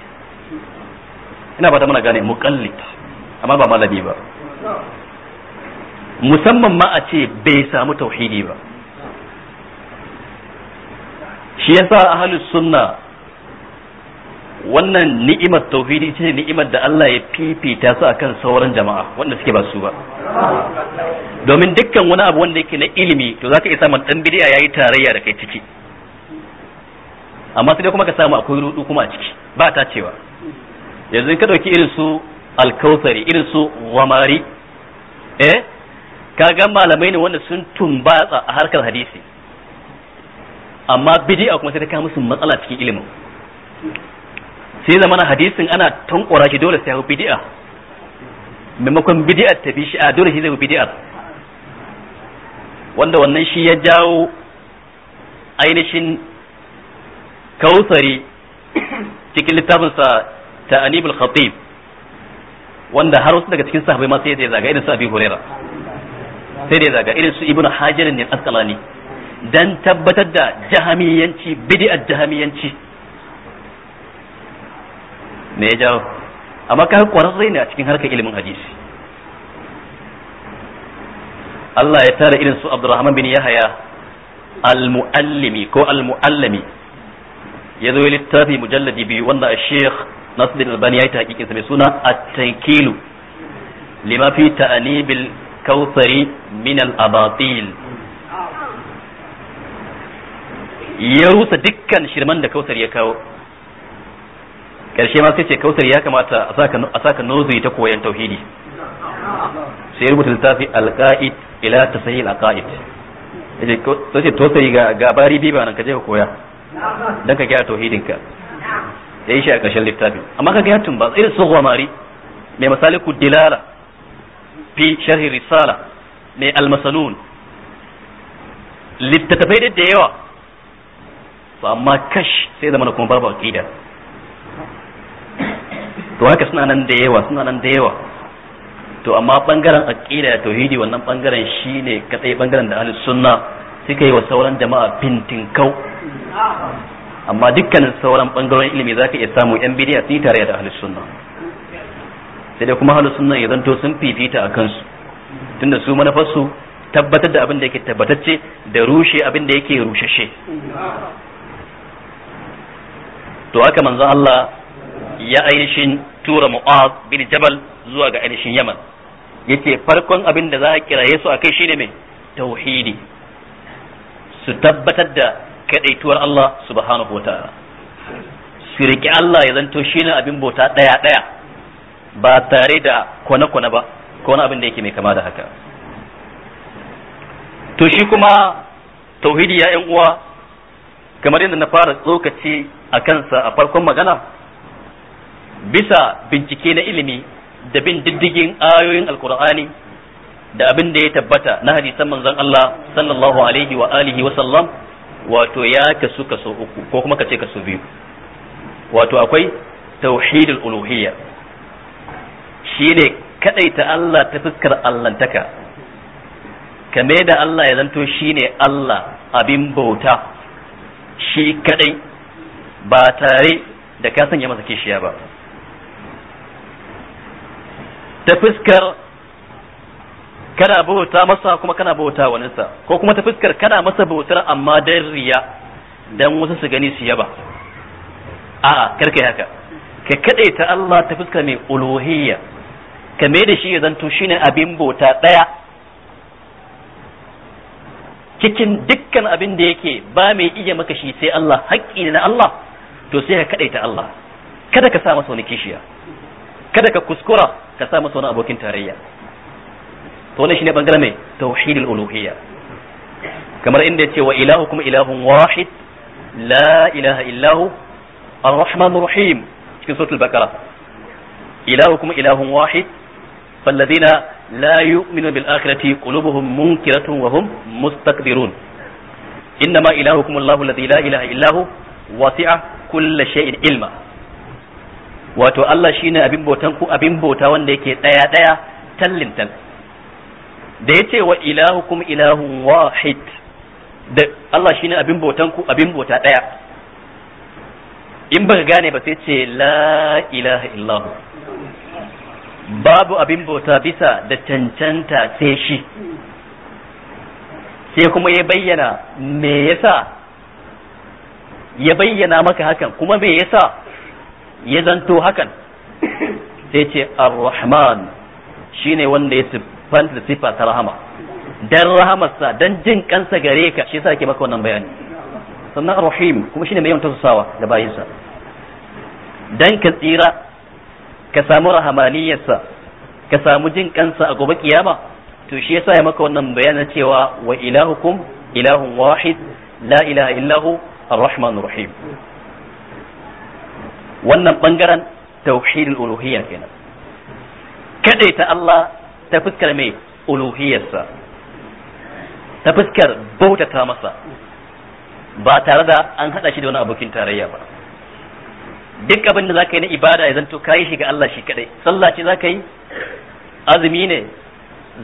ina fata muna gane muqallid amma ba malami ba musamman ma a ce bai samu tauhidi ba shi yasa ahlus sunna wannan ni'imar tauhidi ce ni'imar da Allah ya fifita su akan sauran jama'a wanda suke ba su ba domin dukkan wani abu wanda yake na ilimi to za ka iya samun dan bidiya yayi tarayya da kai ciki amma sai dai kuma ka samu akwai rudu kuma a ciki ba ta cewa yanzu ka dauki irin su alkausari irin su wamari eh ga malamai ne wanda sun tumbatsa a harkar hadisi amma bid'a kuma sai ta kawo musu matsala cikin ilimin sai zamana hadisin ana tankora shi dole sai bid'a maimakon bid'a ta bi shi a dole shi zai bid'a wanda wannan shi ya jawo ainihin Kawusari cikin littafinsa ta anibul khatib wanda har wasu daga cikin sahabbai ma sai ya zaga irin su abi hurera sai ya zaga irin su ibnu hajar ne asqalani dan tabbatar da jahamiyanci bid'at jahamiyanci ne ya jawo amma ka kwararre ne a cikin harkar ilimin hadisi Allah ya tara irin su Abdurrahman bin Yahaya al-muallimi ko al-muallimi ya zo littafi mujalladi biyu wanda a Sheikh Nasir Albani ya yi tahqiqin sa mai suna at-tankilu lima fi ta'anibil kautsari min al-abatil ya rusa dukkan shirman da kautsar ya kawo karshe ma sai ce kautar ya kamata a saka nozuri ta koyan tauhidi sai rubuta littafi alqaid ila tasahil alqaid yace to ce tausayi ga gabari bi ba nan ka je ka koya dan ka gyara tauhidin ka sai shi a karshen littafin amma ka kaga ya tumba irin sogwa mari mai masaliku dilala fi sharhi risala mai almasanun littattafai da yawa amma kash sai zama kuma babu aqida to haka suna nan da yawa suna nan da yawa to amma bangaren aqida da tauhidi wannan bangaren shine kadai bangaren da ahli sunna suka yi wa sauran jama'a fintin kau amma dukkanin sauran bangaren ilimi zaka iya samu yan bidiya sun tare da ahli sunna sai da kuma ahli sunna idan to sun fifita a kansu tunda su manufarsu tabbatar da abin da yake tabbatacce da rushe abin da yake rushe to haka manzo Allah ya ainihin tura mu'az bin jabal zuwa ga ainihin yaman yace farkon abin da za a kiraye su akai shine mai tauhidi su tabbatar da kadaituwar Allah subhanahu wataala su riƙe Allah ya zanto shine abin bota ɗaya ɗaya ba tare da kona kona ba ko wani abin da yake mai kama da haka to shi kuma tauhidi ya yan uwa kamar yadda na fara tsokaci a kansa a farkon magana bisa bincike na ilimi da bin diddigin ayoyin alkur'ani da abin da ya tabbata na hadisan manzon Allah sallallahu alaihi wa alihi wa sallam wato ya kasu kaso uku ko kuma kace kaso biyu wato akwai tauhidul uluhiyya shine kadaita Allah ta fuskar allantaka kame da Allah ya zanto shine Allah abin bauta shi kadai ba tare da ka sanya masa kishiya ba ta fuskar kana bauta masa kuma kana bauta waninsa ko kuma ta fuskar kana masa bautar amma dan riya dan wasu su gani su yaba a'a karkai haka ka kadaita Allah ta fuskar mai uluhiyya ka mai da shi ya zanto shine abin bauta daya cikin dukkan abin da yake ba mai iya maka shi sai Allah haƙƙi ne na Allah to sai ka kadaita Allah kada ka sa masa wani kishiya kada ka kuskura ka sa masa wani abokin tarayya to wannan shine bangaren mai tauhidul uluhiyya kamar inda yace wa ilahu kuma ilahun wahid la ilaha illahu ar-rahmanur rahim cikin suratul bakara ilahu kuma wahid فالذين لا يؤمنون بالآخرة قلوبهم منكرة وهم مستكبرون إنما إلهكم الله الذي لا إله إلا هو واسع كل شيء علما wato Allah shine abin bautan ku abin bauta wanda yake daya daya tallin tal da yace wa ilahukum ilahun wahid da Allah shine abin bautan ku abin bauta daya in baka gane ba sai ce la ilaha illahu babu abin bauta bisa da cancanta sai shi sai kuma ya bayyana me yasa ya bayyana maka hakan kuma me yasa ya zanto hakan sai ce ar-rahman shine wanda ya siffanta da siffa ta rahama dan rahamarsa dan jin kansa gare ka shi yasa yake maka wannan bayani sannan rahim kuma shine mai yawan tausasawa da bayinsa dan ka tsira ka samu rahamaniyarsa ka samu jin kansa a gobe kiyama to shi yasa ya maka wannan bayanin cewa wa ilahukum ilahun wahid la ilaha illahu ar-rahmanur rahim wannan bangaren tauhidul uluhiyya kenan kadaita Allah ta fuskar mai uluhiyarsa ta fuskar bautata masa ba tare da an hada shi da wani abokin tarayya ba duk abin da zaka yi na ibada ya zanto kayi shi ga Allah shi kadai sallah ce zaka yi azumi ne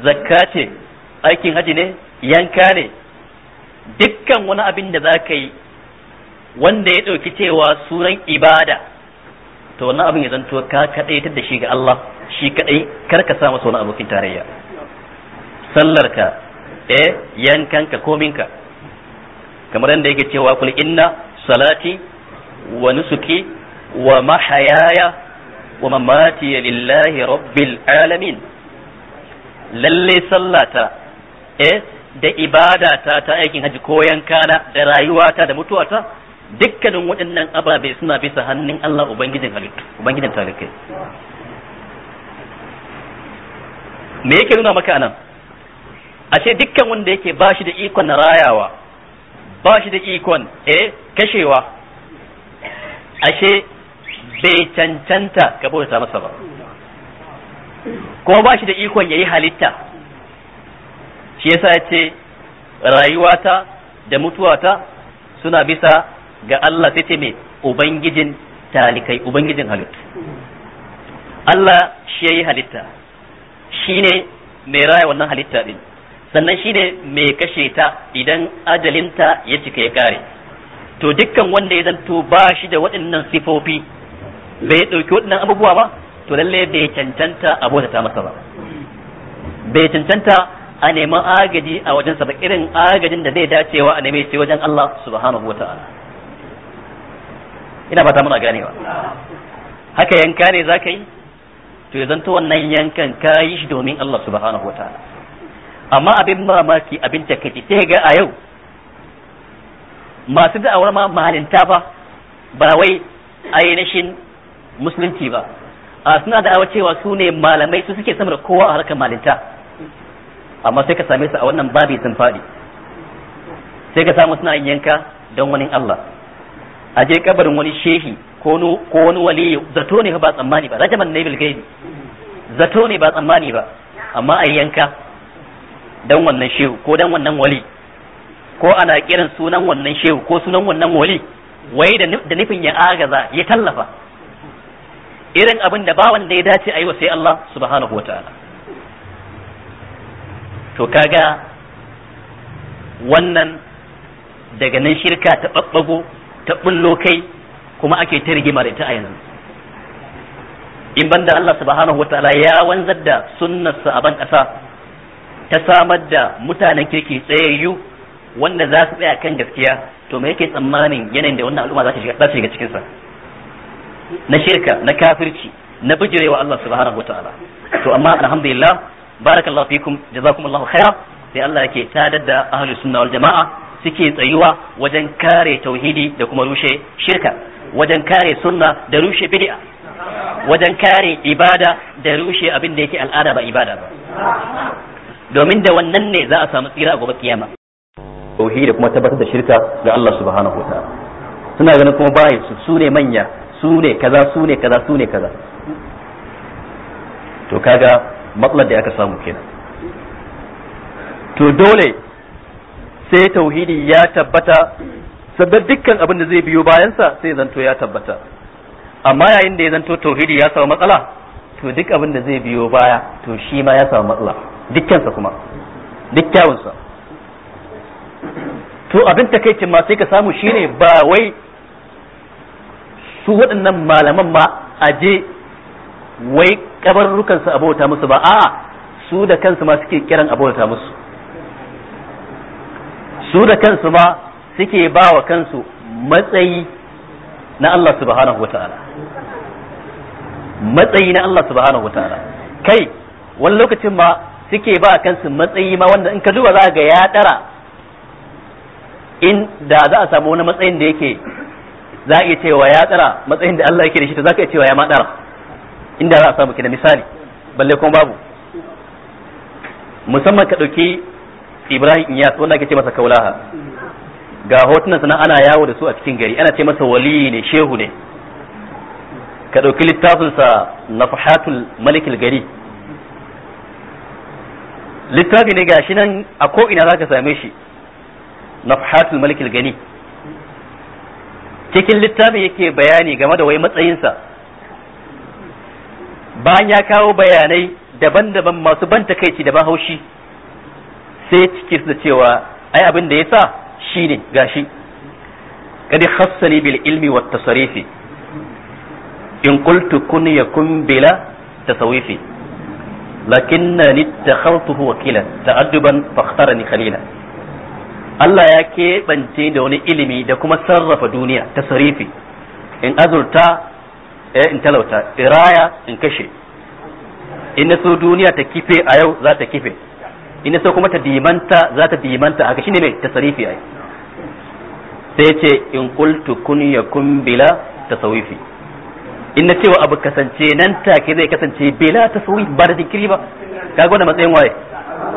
zakka aikin haji ne yanka ne dukkan wani abin da zaka yi wanda ya dauki cewa sunan ibada to wannan abin ya zanto ka kadaitar da shi ga Allah shi kadai kar ka sa masa wani abokin tarayya sallar ka eh yankanka kominka kamar yadda yake cewa kul inna salati wa nusuki wa mahayaya wa mamati lillahi rabbil alamin lalle sallata eh da ibadata ta aikin haji ko yankana da rayuwata da mutuwata dukkanin waɗannan ababe suna bisa hannun Allah ubangijin halittu ubangijin talikai me yake nuna maka nan ashe dukkan wanda yake ba shi da ikon rayawa ba shi da ikon eh kashewa ashe bai cancanta ka bauta masa ba kuma ba shi da ikon yayi halitta shi yasa ya ce rayuwata da mutuwata suna bisa ga Allah sai ce me ubangijin talikai ubangijin halitta. Allah shi yayi halitta shine mai raya wannan halitta din sannan shine mai kashe ta idan ajalinta ya cika ya kare to dukkan wanda ya zanto ba shi da waɗannan sifofi bai ɗauki waɗannan abubuwa ba to lalle bai cancanta a ta masa ba bai cancanta a neman agaji a wajensa ba irin agajin da zai dacewa a neme shi wajen Allah subhanahu ta'ala. ina fata muna ba haka yanka ne za ka yi to ya zanto wannan yankan ka yi shi domin Allah subhanahu wataala amma abin mamaki abin takaici sai ga a yau masu da'awar ma malinta ba ba wai ainihin musulunci ba a suna da'awar cewa su ne malamai su suke sama da kowa a harkar malinta amma sai ka same su a wannan babi sun faɗi sai ka samu suna yanka don wani Allah a je kabarin wani shehi ko wani waliyu zato ne ba tsammani ba rajaman ne bil gaibi zato ne ba tsammani ba amma a yanka dan wannan shehu ko dan wannan wali ko ana kiran sunan wannan shehu ko sunan wannan wali wai da nufin ya agaza ya tallafa irin abin da ba wanda ya dace a yi wa sai Allah subhanahu wataala to kaga wannan daga nan shirka ta babbago ta bullo kai kuma ake ta rigima da ita a yanzu in banda Allah subhanahu ta'ala ya wanzar da sa a ban ƙasa ta samar da mutanen kirki tsayayyu wanda za su tsaya kan gaskiya to me yake tsammanin yanayin da wannan al'umma za su shiga shiga cikin sa na shirka na kafirci na bijirewa Allah subhanahu ta'ala to amma alhamdulillah barakallahu fikum jazakumullahu khaira sai Allah yake tadar da ahlus sunna wal jamaa suke tsayuwa wajen kare tauhidi da kuma rushe shirka wajen kare sunna da rushe bid'a wajen kare ibada da rushe abin da yake al'ada ba ibada ba domin da wannan ne za a samu tsira a gobe kiyama tauhidi kuma tabbatar da shirka ga Allah subhanahu wa suna ganin kuma bayan su su ne manya su ne kaza su ne kaza su ne kaza to kaga matsalar da aka samu kenan to dole sai tauhidi ya tabbata sabbin dukkan abin da zai biyo bayansa sai zanto ya tabbata amma yayin da ya zanto tauhidi ya samu matsala to duk abin da zai biyo baya to shi ma ya samu matsala dukkansa kuma duk kyawunsa to abin takaicin ma sai ka samu shine ba wai su waɗannan malaman ma aje wai kabarrukansu abota musu ba a su da kansu ma suke kiran abota musu su da kansu ma suke ba wa kansu matsayi na Allah subhanahu wa ta'ala matsayi na Allah subhanahu wa ta'ala kai wani lokacin ma suke ba kansu matsayi ma wanda in ka duba za ga ya dara in da za a samu wani matsayin da yake za a iya cewa ya dara matsayin da Allah yake da shi to za ka iya cewa ya ma dara inda za a samu kina misali balle kuma babu musamman ka dauki Ibrahim so wanda ake ce masa Kaulaha ga hotunan sana ana yawo da su a cikin gari ana ce masa wali ne shehu ne ka ɗauki littafinsa fahatul malikil gari littafi ne ga shi nan a ko'ina za ka same shi fahatul malikil gani cikin littafin yake bayani game da wai matsayinsa bayan ya kawo bayanai daban-daban masu ban takaici da ban haushi sai ya cike su da cewa ai abin da ya sa shine gashi Kadi khassani bil ilmi wat tasarifi. in qultu kun yakun bila tasawifi ta takhaltuhu wakilan ta'adduban fakhtarani khalila Allah ya keɓance da wani ilimi da kuma sarrafa duniya tasarifi. in azurta eh, in talauta iraya in kashe in na so duniya ta kife a yau za ta kife in so kuma ta dimanta za ta dimanta haka shine mai tasarifi ai sai ce in qultu kun yakun bila tasawifi in na cewa abu kasance nan take zai kasance bila tasawif ba da jinkiri ba kaga wannan matsayin waye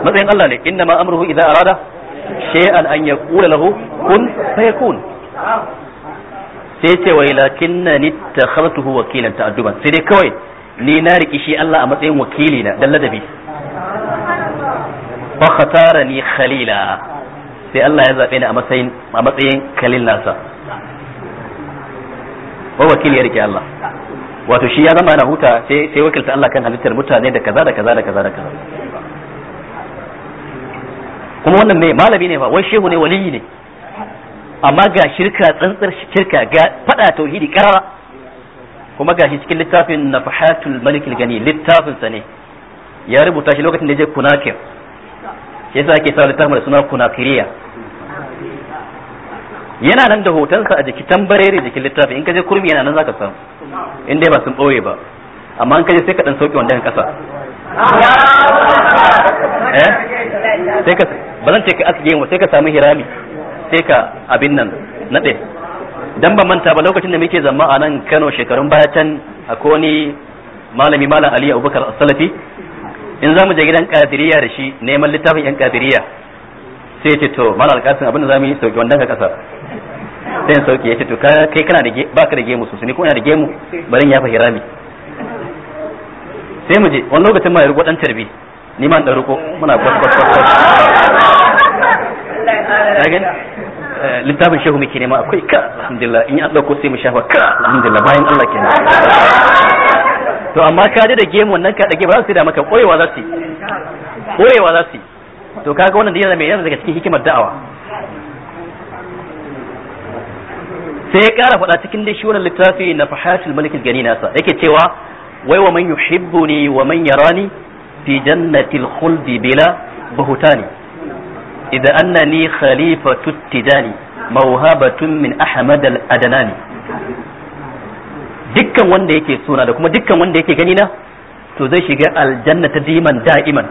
matsayin Allah ne inna ma amruhu idza arada shay'an an yaqula lahu kun fayakun sai ce wai lakinna ni wakilan ta'adduban sai dai kawai ni na riki shi Allah a matsayin wakili na dan ladabi fa ni khalila sai Allah ya zabe ni a matsayin a matsayin khalil nasa wa wakili ya rike Allah wato shi ya zama na huta sai sai wakilta Allah kan halittar mutane da kaza da kaza da kaza da kaza kuma wannan ne malami ne ba wai shehu ne waliyi ne amma ga shirka tsantsar shirka ga fada tauhidi karara kuma ga shi cikin littafin nafahatul malikil gani littafin sa ne ya rubuta shi lokacin da je kunakir shi yasa ake sa littafin da suna kunakiriya yana nan da hotonsa a jiki tambarere jikin littafi in ka je kurmi yana nan zaka samu in dai ba sun boye ba amma in ka je sai ka dan sauke wannan kasa eh sai ka ba zan ce ka asige mu sai ka samu hirami sai ka abin nan na ɗaya dan ba manta ba lokacin da muke zama a nan Kano shekarun baya can akwai wani malami malam Ali Abubakar As-Salafi in za mu je gidan kafiriya da shi neman littafin yan kafiriya sai ce to mana abin za mu yi sauki wanda ka kasa sai in sauki ya ce to kai kana da ka da gemu ko ina da gemu barin ya fahira mi sai mu je wani lokacin ma ya rubo dan tarbi ni ma dan ruko muna kwas eh, shehu muke nema akwai ka alhamdulillah an dauko sai mu shafa bayan Allah kenan to amma ka da gemu wannan ka dage ba za su da maka koyewa za su koyewa za su to kaga wannan yana mai yana daga cikin hikimar da'awa sai ya kara faɗa cikin dai shi wannan littafi na fahashil malik gani nasa yake cewa wai wa man yuhibbuni wa man yarani fi jannatil khuldi bila buhutani idan annani khalifatu tijani mawhabatun min ahmad al adnani dukkan wanda yake suna da kuma dukkan wanda yake gani na to zai shiga aljanna ta diman da'iman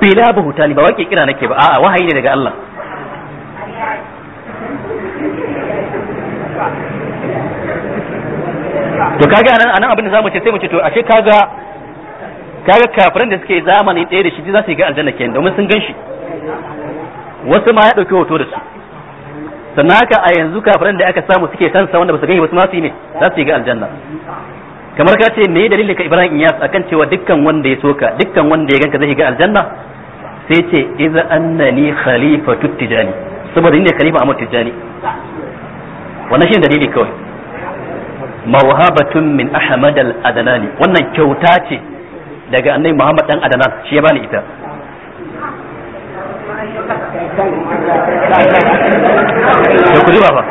bila buhutani ba wake kira nake ba a'a wahayi ne daga Allah to kaga anan anan abin da zamu ce sai mu ce to ashe kaga kaga kafiran da suke zamani ɗaya da shi za su yi ga aljanna kenan domin sun gan shi wasu ma ya ɗauki hoto da su sannan haka a yanzu kafiran da aka samu suke san sa wanda basu gani ba su ma su ne za su yi ga aljanna kamar ka ce me dalilin ka Ibrahim Iyas akan cewa dukkan wanda ya soka dukkan wanda ya ganka zai ga aljanna sai ce idza annani khalifatu tijani saboda ni ne khalifa amma Tijani wannan shine dalili kawai mawhabatun min Ahmad al-Adnani wannan kyauta ce daga annabi Muhammad dan Adnan shi ya bani ita da ku duba fa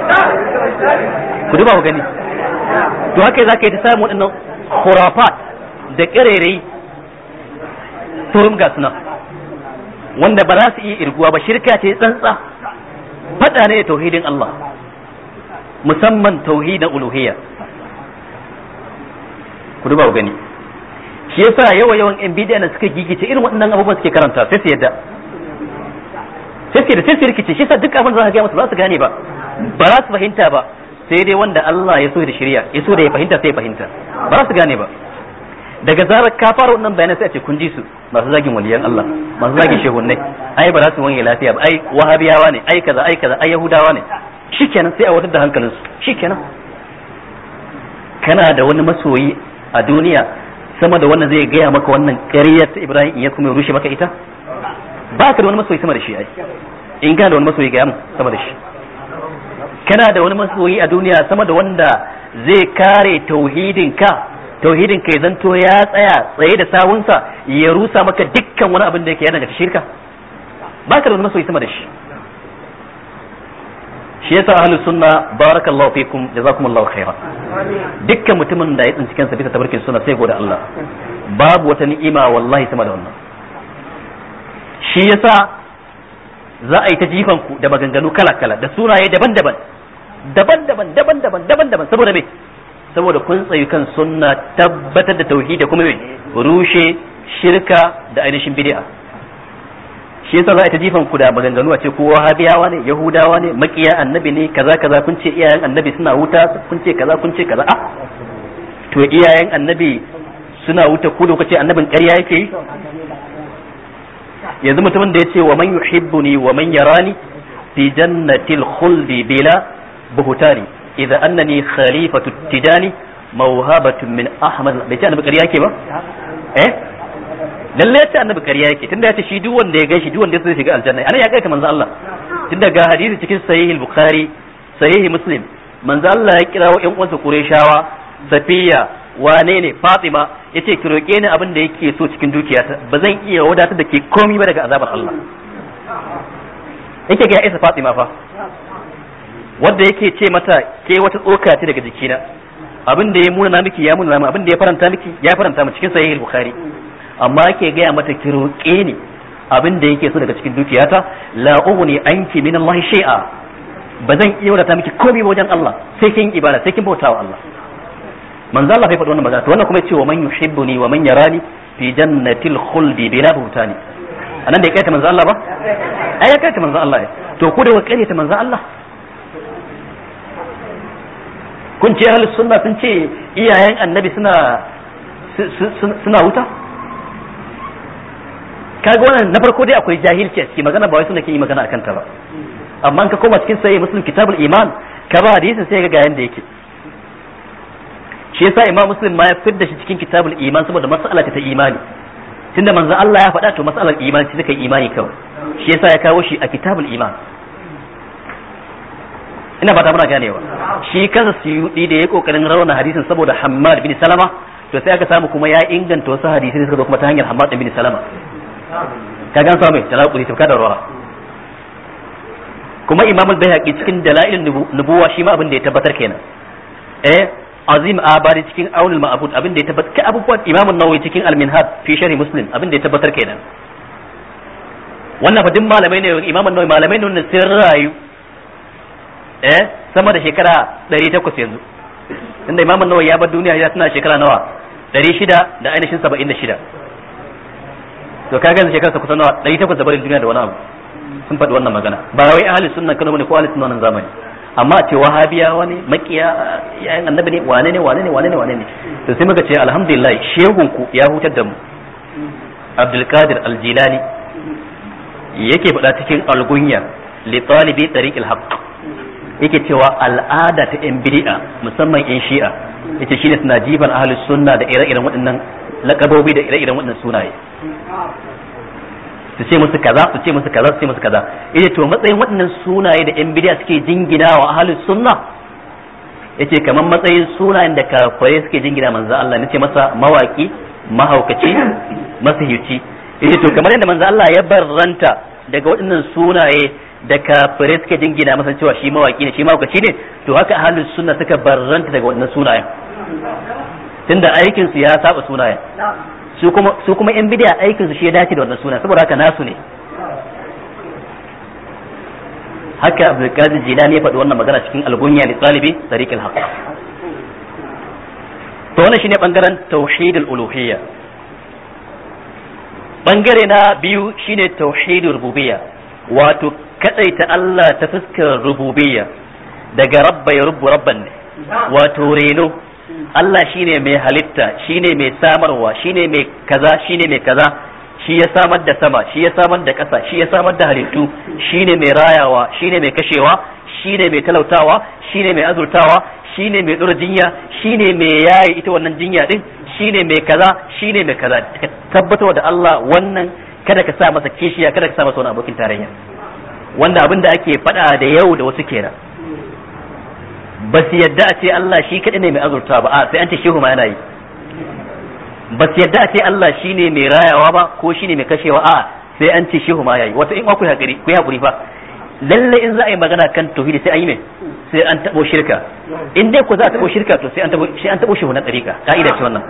ku duba ku gani to haka za ka yi ta samun waɗannan khurafat da ƙirerai turum ga suna wanda ba za su iya irguwa ba shirka ce tsantsa faɗa ne da tauhidin Allah musamman tauhidin uluhiyya ku duba ku gani shi yasa yawa yawan yan da suka gigice irin waɗannan abubuwan suke karanta sai su yadda sai suke da sai su rikice shi sa duk abin da za ka gaya musu ba su gane ba ba za su fahimta ba sai dai wanda Allah ya so da shirya ya so da ya fahimta sai ya fahimta ba za su gane ba daga zarar ka fara wannan bayanan sai a ce kun ji su masu zagin waliyan Allah masu zagin shehunnai ai ba za su wani lafiya ba ai wahabiyawa ne ai kaza ai kaza ai yahudawa ne shikenan sai a wutar da su shikenan kana da wani masoyi a duniya sama da wannan zai gaya maka wannan ƙaryar ta Ibrahim in ya kuma rushe maka ita ba ka da wani masoyi sama da shi ai in kana da wani masoyi ga mu sama da shi kana da wani masoyi a duniya sama da wanda zai kare tauhidin ka tauhidin ka zanto ya tsaya tsaye da sawunsa ya rusa maka dukkan wani abin da yake yana daga shirka ba ka da wani masoyi sama da shi shi yasa ahlus sunna barakallahu fikum jazakumullahu khairan dukkan mutumin da ya tsinci kansa bisa tabarkin sunna sai goda Allah babu wata ni'ima wallahi sama da wannan shi yasa za a yi ta jifan ku da maganganu kala kala da sunaye daban-daban daban-daban daban-daban daban-daban saboda me saboda kun tsayi kan sunna tabbatar da tauhid da kuma me rushe shirka da ainihin bid'a shi yasa za a yi ta jifan ku da maganganu a ce ko wahabiyawa ne yahudawa ne makiya annabi ne kaza kaza kun ce iyayen annabi suna wuta kun ce kaza kun ce kaza a ah! to iyayen annabi suna wuta ko da kace annabin ƙarya yake yi yanzu mutumin da ya ce wa man yuhibbuni wa man yarani fi jannatil khuldi bila buhutani idza annani khalifatu tijani mawhabatun min ahmad bai ce annabi kariya yake ba eh lalle ya ce annabi kariya yake tunda ya ce shi duk wanda ya gaishi duk wanda ya shiga aljanna anan ya kaita manzo Allah tunda ga hadisi cikin sahihul bukhari sahihi muslim manzo Allah ya kirawo ƴan uwansa qurayshawa safiya wane ne Fatima yace ki roke ni abin da yake so cikin dukiyata ba zan iya wadatar da ke komai ba daga azabar Allah yake ga Isa Fatima fa wanda yake ce mata ke wata tsoka ce daga jikina abin da ya munana miki ya munana abin da ya faranta miki ya faranta mu cikin sahih bukhari amma yake gaya mata ki roke ni abin da yake so daga cikin dukiyata la ughni anki min Allah shay'a ba zan iya wadata miki komai wajen Allah sai kin ibada sai kin bautawa Allah manzo Allah bai faɗi wannan magana to wannan kuma yace wa man yuhibbuni wa man yarani fi jannatil khuldi bila buhtani anan da ya ta manzo Allah ba ai ya ta manzo Allah to ku da wakare ta manzo Allah kun ce ahlus sunna sun ce iyayen annabi suna suna wuta kaga wannan na farko dai akwai jahilci a cikin magana ba wai suna ke yi magana akan ta ba amma in ka koma cikin sai muslim kitabul iman ka ba hadisin sai ga ga yanda yake shi yasa imam muslim ma ya fidda shi cikin kitabul iman saboda mas'ala ta imani tunda manzo Allah ya faɗa to mas'alar imani ce kai imani kawai shi yasa ya kawo shi a kitabul iman ina fata muna ganewa shi kansa suyudi da ya kokarin rauna hadisin saboda Hammad bin Salama to sai aka samu kuma ya inganta wasu hadisi da suka zo kuma ta hanyar Hammad bin Salama ka gan samu talaquli ta kada rawa kuma Imam al-Baihaqi cikin dalailin nubuwa shi ma abin da ya tabbatar kenan eh azim abari cikin aunul ma'bud abin da ya tabbatar ka abubuwan imam an-nawawi cikin al-minhaj fi sharh muslim abin da ya tabbatar kenan wannan fadin malamai ne imam an-nawawi malamai ne wannan sun rayu eh sama da shekara 800 yanzu inda imam an-nawawi ya bar duniya ya tana shekara nawa 600 da ainihin 76 to kaga yanzu shekara kusan nawa 800 da barin duniya da wani abu sun faɗi wannan magana ba wai ahli sunna kano ne ko ahli sunna nan zamani amma a ce wahabiya wani makiya yayin annabi ne wane ne wane ne wane ne wane ne to sai muka ce alhamdulillah shehun ku ya hutar da mu abdulkadir aljilani yake faɗa cikin algunya li talibi tariqil haqq yake cewa al'ada ta yan bid'a musamman yan shi'a yace shine suna jiban ahlus sunna da ire-iren waɗannan lakabobi da ire-iren waɗannan sunaye su ce musu kaza su ce musu kaza su ce musu kaza yace to matsayin waɗannan sunaye da yan bid'a suke jinginawa ahlus sunna yace kamar matsayin sunayen da kafirai suke jingina manzo Allah nace masa mawaki mahaukaci masihici yace to kamar yadda manzo Allah ya barranta daga waɗannan sunaye da kafirai suke jingina masa cewa shi mawaki ne shi mahaukaci ne to haka ahlus sunna suka barranta daga waɗannan sunayen tunda aikin su ya saba sunayen su kuma su kuma yan bid'a aikin su shi ya dace da wannan suna saboda haka nasu ne haka Abdul Qadir Jilani ya faɗi wannan magana cikin al-Bunya li talibi tariqil haqq to wannan shine bangaren tauhidul uluhiyya bangare na biyu shine tauhidul rububiyya wato kadaita Allah ta fuskar rububiyya daga rabba ya rubu rabban ne wato reno Allah shine mai halitta shine mai samarwa shine mai kaza shine mai kaza shi ya samar da sama shi ya samar da kasa shi ya samar da halittu shine mai rayawa shine mai kashewa shine mai talautawa shine mai azurtawa shine mai dora jinya shine mai yaye ita wannan jinya din shine mai kaza shine mai kaza tabbatar da Allah wannan kada ka sa masa kishiya kada ka sa masa wani abokin tarayya wanda abin da ake faɗa da yau da wasu kenan ba su yadda a ce Allah shi kaɗai ne mai azurta ba a sai an ce shehu ma yana yi ba su yadda a ce Allah shi ne mai rayawa ba ko shi ne mai kashewa a sai an ce shehu ma yayi wato in ku hakuri ku hakuri fa lalle in za a yi magana kan tauhidi sai an yi ne sai an tabo shirka in dai ku za a tabo shirka to sai an tabo sai an tabo shehu na tsarika ka'ida ce wannan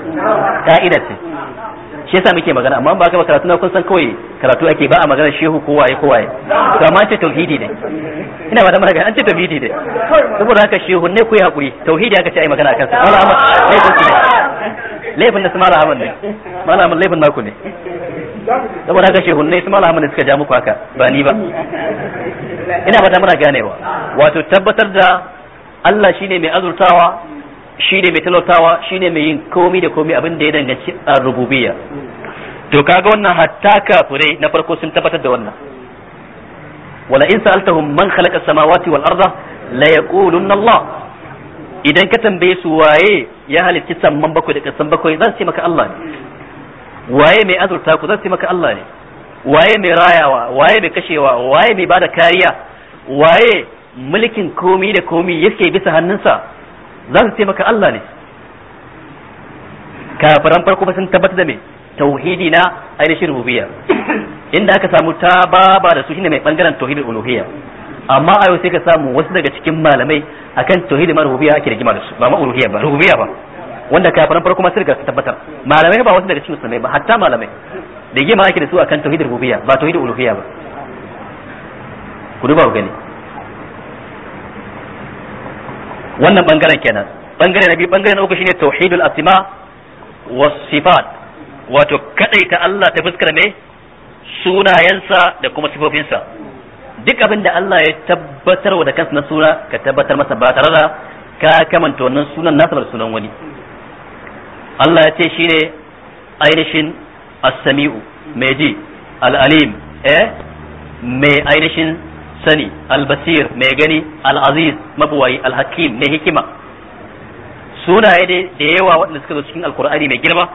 ka'ida ce shi yasa muke magana amma ba ka ba karatu na kun san kawai karatu ake ba a magana shehu ko waye ko waye to amma an ce tauhidi ne ina ba da magana an ce tauhidi ne saboda haka shehu ne ku yi hakuri tauhidi aka ce ai magana akan sa malama amma laifin ne laifin da su malama ne malama amma laifin naku ne saboda haka shehu ne su malama ne suka ja muku haka ba ni ba ina ba da muna ganewa wato tabbatar da Allah shine mai azurtawa Shi ne mai talautawa ne mai yin komi da komi abin da ya danganci a rububiya to kaga wannan hatta kafirai na farko sun tabbatar da wannan wala in sa'altahum man khalaqa samawati wal arda la yaqulunna Allah idan ka tambaye su waye ya halitta samman bakwai da kasan bakwai zan ce maka Allah ne waye mai azurta ku zan ce maka Allah ne waye mai rayawa waye mai kashewa waye mai bada kariya waye mulkin komi da komi yake bisa hannunsa za su ce maka Allah ne kafiran farko ba sun tabbatar da me tauhidi na ainihin rububiyya inda aka samu ta baba da su shine mai bangaren tauhidin uluhiyya amma a yau sai ka samu wasu daga cikin malamai akan tauhidin ma rububiyya ake rigima da su ba ma uluhiyya ba rububiyya ba wanda kafiran farko ma sun riga su tabbatar malamai ba wasu daga cikin musulmai ba hatta malamai rigima ake da su akan tauhidin rububiyya ba tauhidin uluhiyya ba ku duba ku gani wannan bangaren kenan bangare na biyu bangare na uku shine tauhidul asma wa sifat wato kadaita Allah ta fuskar me sunayensa da kuma sifofinsa duk abin da Allah ya tabbatar da kansa na suna ka tabbatar masa ba tare da ka kamanta wannan sunan nasa da sunan wani Allah ya ce shine ainihin as-sami'u mai ji al-alim eh mai ainihin sani albasir mai gani al'aziz mabuwayi alhakim mai hikima sunaye dai da yawa waɗanda suka zo cikin alkur'ani mai girma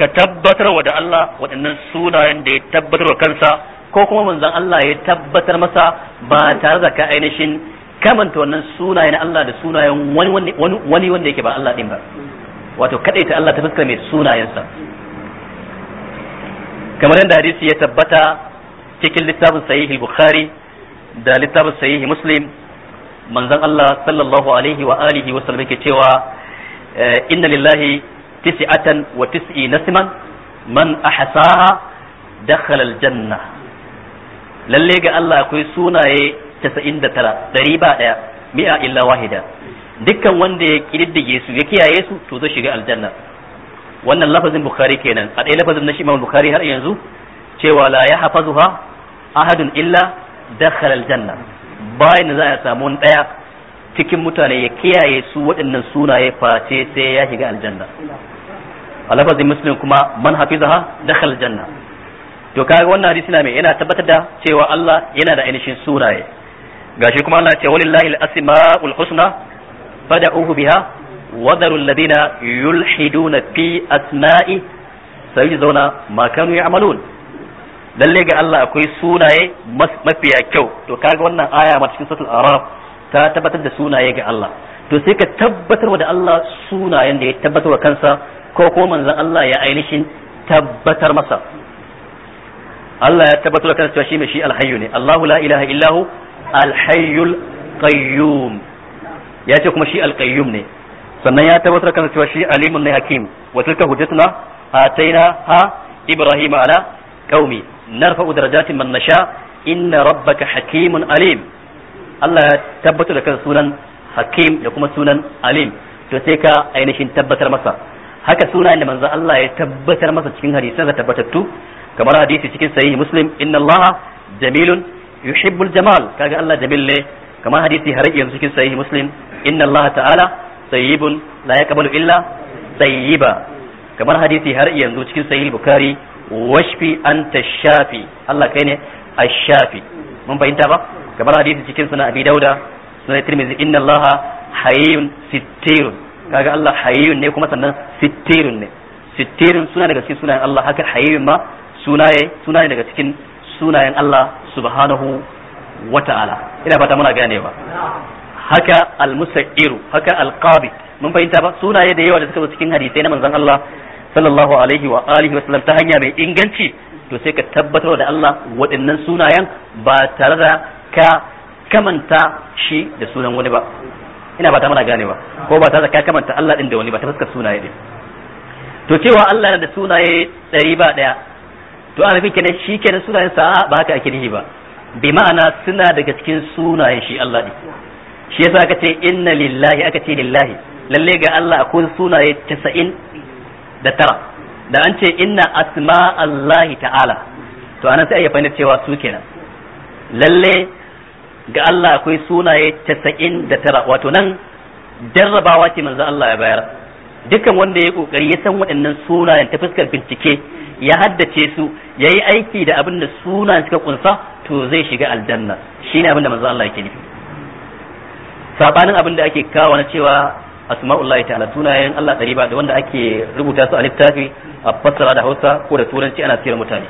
ka tabbatar wa da Allah waɗannan sunayen da ya tabbatar wa kansa ko kuma manzon Allah ya tabbatar masa ba tare da ka ainihin kamanta wannan sunaye na Allah da sunayen wani wani wanda yake ba Allah din ba wato kadaita Allah ta fuskar mai sunayensa kamar yadda hadisi ya tabbata cikin littafin sahihi al-bukhari da littafin sahihi muslim manzon Allah sallallahu alaihi wa alihi wa sallam yake cewa eh, inna lillahi tis'atan wa tis'i siman man ahsaha dakhala aljanna lalle ga Allah akwai sunaye 99 dari ba daya mi'a illa wahida dukkan wanda ya kididdige su ya kiyaye su to zai shiga aljanna wannan lafazin bukhari kenan a dai lafazin na shi imam bukhari har yanzu cewa la ya hafazuha ahadun illa dakhala aljanna bayan za a samu wani daya cikin mutane ya kiyaye su waɗannan sunaye face sai ya shiga aljanna a muslim kuma man hafizaha dakhala aljanna to kaga wannan hadisi na mai yana tabbatar da cewa Allah yana da ainihin sunaye gashi kuma Allah ya ce walillahi alasmaul husna fad'uhu biha وذروا الذين يلحدون في zauna سيجزون ما كانوا يعملون lalle ga Allah akwai sunaye mafiya kyau to kaga wannan aya ma cikin suratul araf ta tabbatar da sunaye ga Allah to sai ka tabbatar da Allah sunayen da ya tabbatar wa kansa ko ko manzon Allah ya ainihin tabbatar masa Allah ya tabbatar da kansa shi mai shi alhayyu ne Allahu la ilaha illahu alhayyul qayyum ya ce kuma shi alqayyum ne sannan ya tabbatar da kansa shi alimun ne hakim wa tilka hujjatuna ataina ha ibrahima ala qaumi narfa'u darajatin man nasha inna rabbaka hakimun alim Allah ya tabbatar da kan sunan hakim da kuma sunan alim to sai ka ainihin tabbatar masa haka sunayen da manzo Allah ya tabbatar masa cikin hadisan da tabbatattu kamar hadisi cikin sahih muslim inna Allah jamilun yuhibbul jamal kaga Allah jamil ne kamar hadisi yanzu cikin sahih muslim inna Allah ta'ala tayyibun la yaqbalu illa tayyiba kamar hadisi har yanzu cikin sahih bukhari washfi anta shafi Allah kai ne ash-shafi mun bayyanta ba kamar hadisi cikin sunan Abi Dauda sunan Tirmidhi inna Allah hayyun sittirun kaga Allah hayyun ne kuma sannan sittirun ne sittirun suna daga cikin sunayen Allah haka hayyun ma sunaye sunaye daga cikin sunayen Allah subhanahu wa ta'ala ina fata muna gane ba haka al-musairu haka al-qabid mun bayyanta ba sunaye da yawa da suka zo cikin hadisi na manzon Allah sallallahu alaihi wa alihi wa sallam ta hanya mai inganci to sai ka tabbatar da Allah waɗannan sunayen ba tare da ka kamanta shi da sunan wani ba ina ba ta mana gane ba ko ba tare da ka kamanta Allah din da wani ba ta fuskar sunaye din to cewa Allah da sunaye ɗari ba ɗaya to ana fi kenan shi kenan sunayen sa ba haka ake nihi ba bi ma'ana suna daga cikin sunayen shi Allah din shi yasa aka ce inna lillahi aka ce lillahi lalle ga Allah akwai sunaye 90 da tara da an ce inna asma Allah ta'ala to anan sai ya fahimta cewa su kenan lalle ga Allah akwai sunaye 99 wato nan jarrabawa ce manzo Allah ya bayar dukan wanda ya kokari ya san waɗannan sunayen ta fuskar bincike ya haddace su ya yi aiki da abin da sunayen suka kunsa to zai shiga aljanna shine abin da manzo Allah yake nufi sabanin abin da ake kawo na cewa asma'ullahi ta'ala sunayen Allah dari ba da wanda ake rubuta su a littafi a fassara da Hausa ko da Turanci ana tsira mutane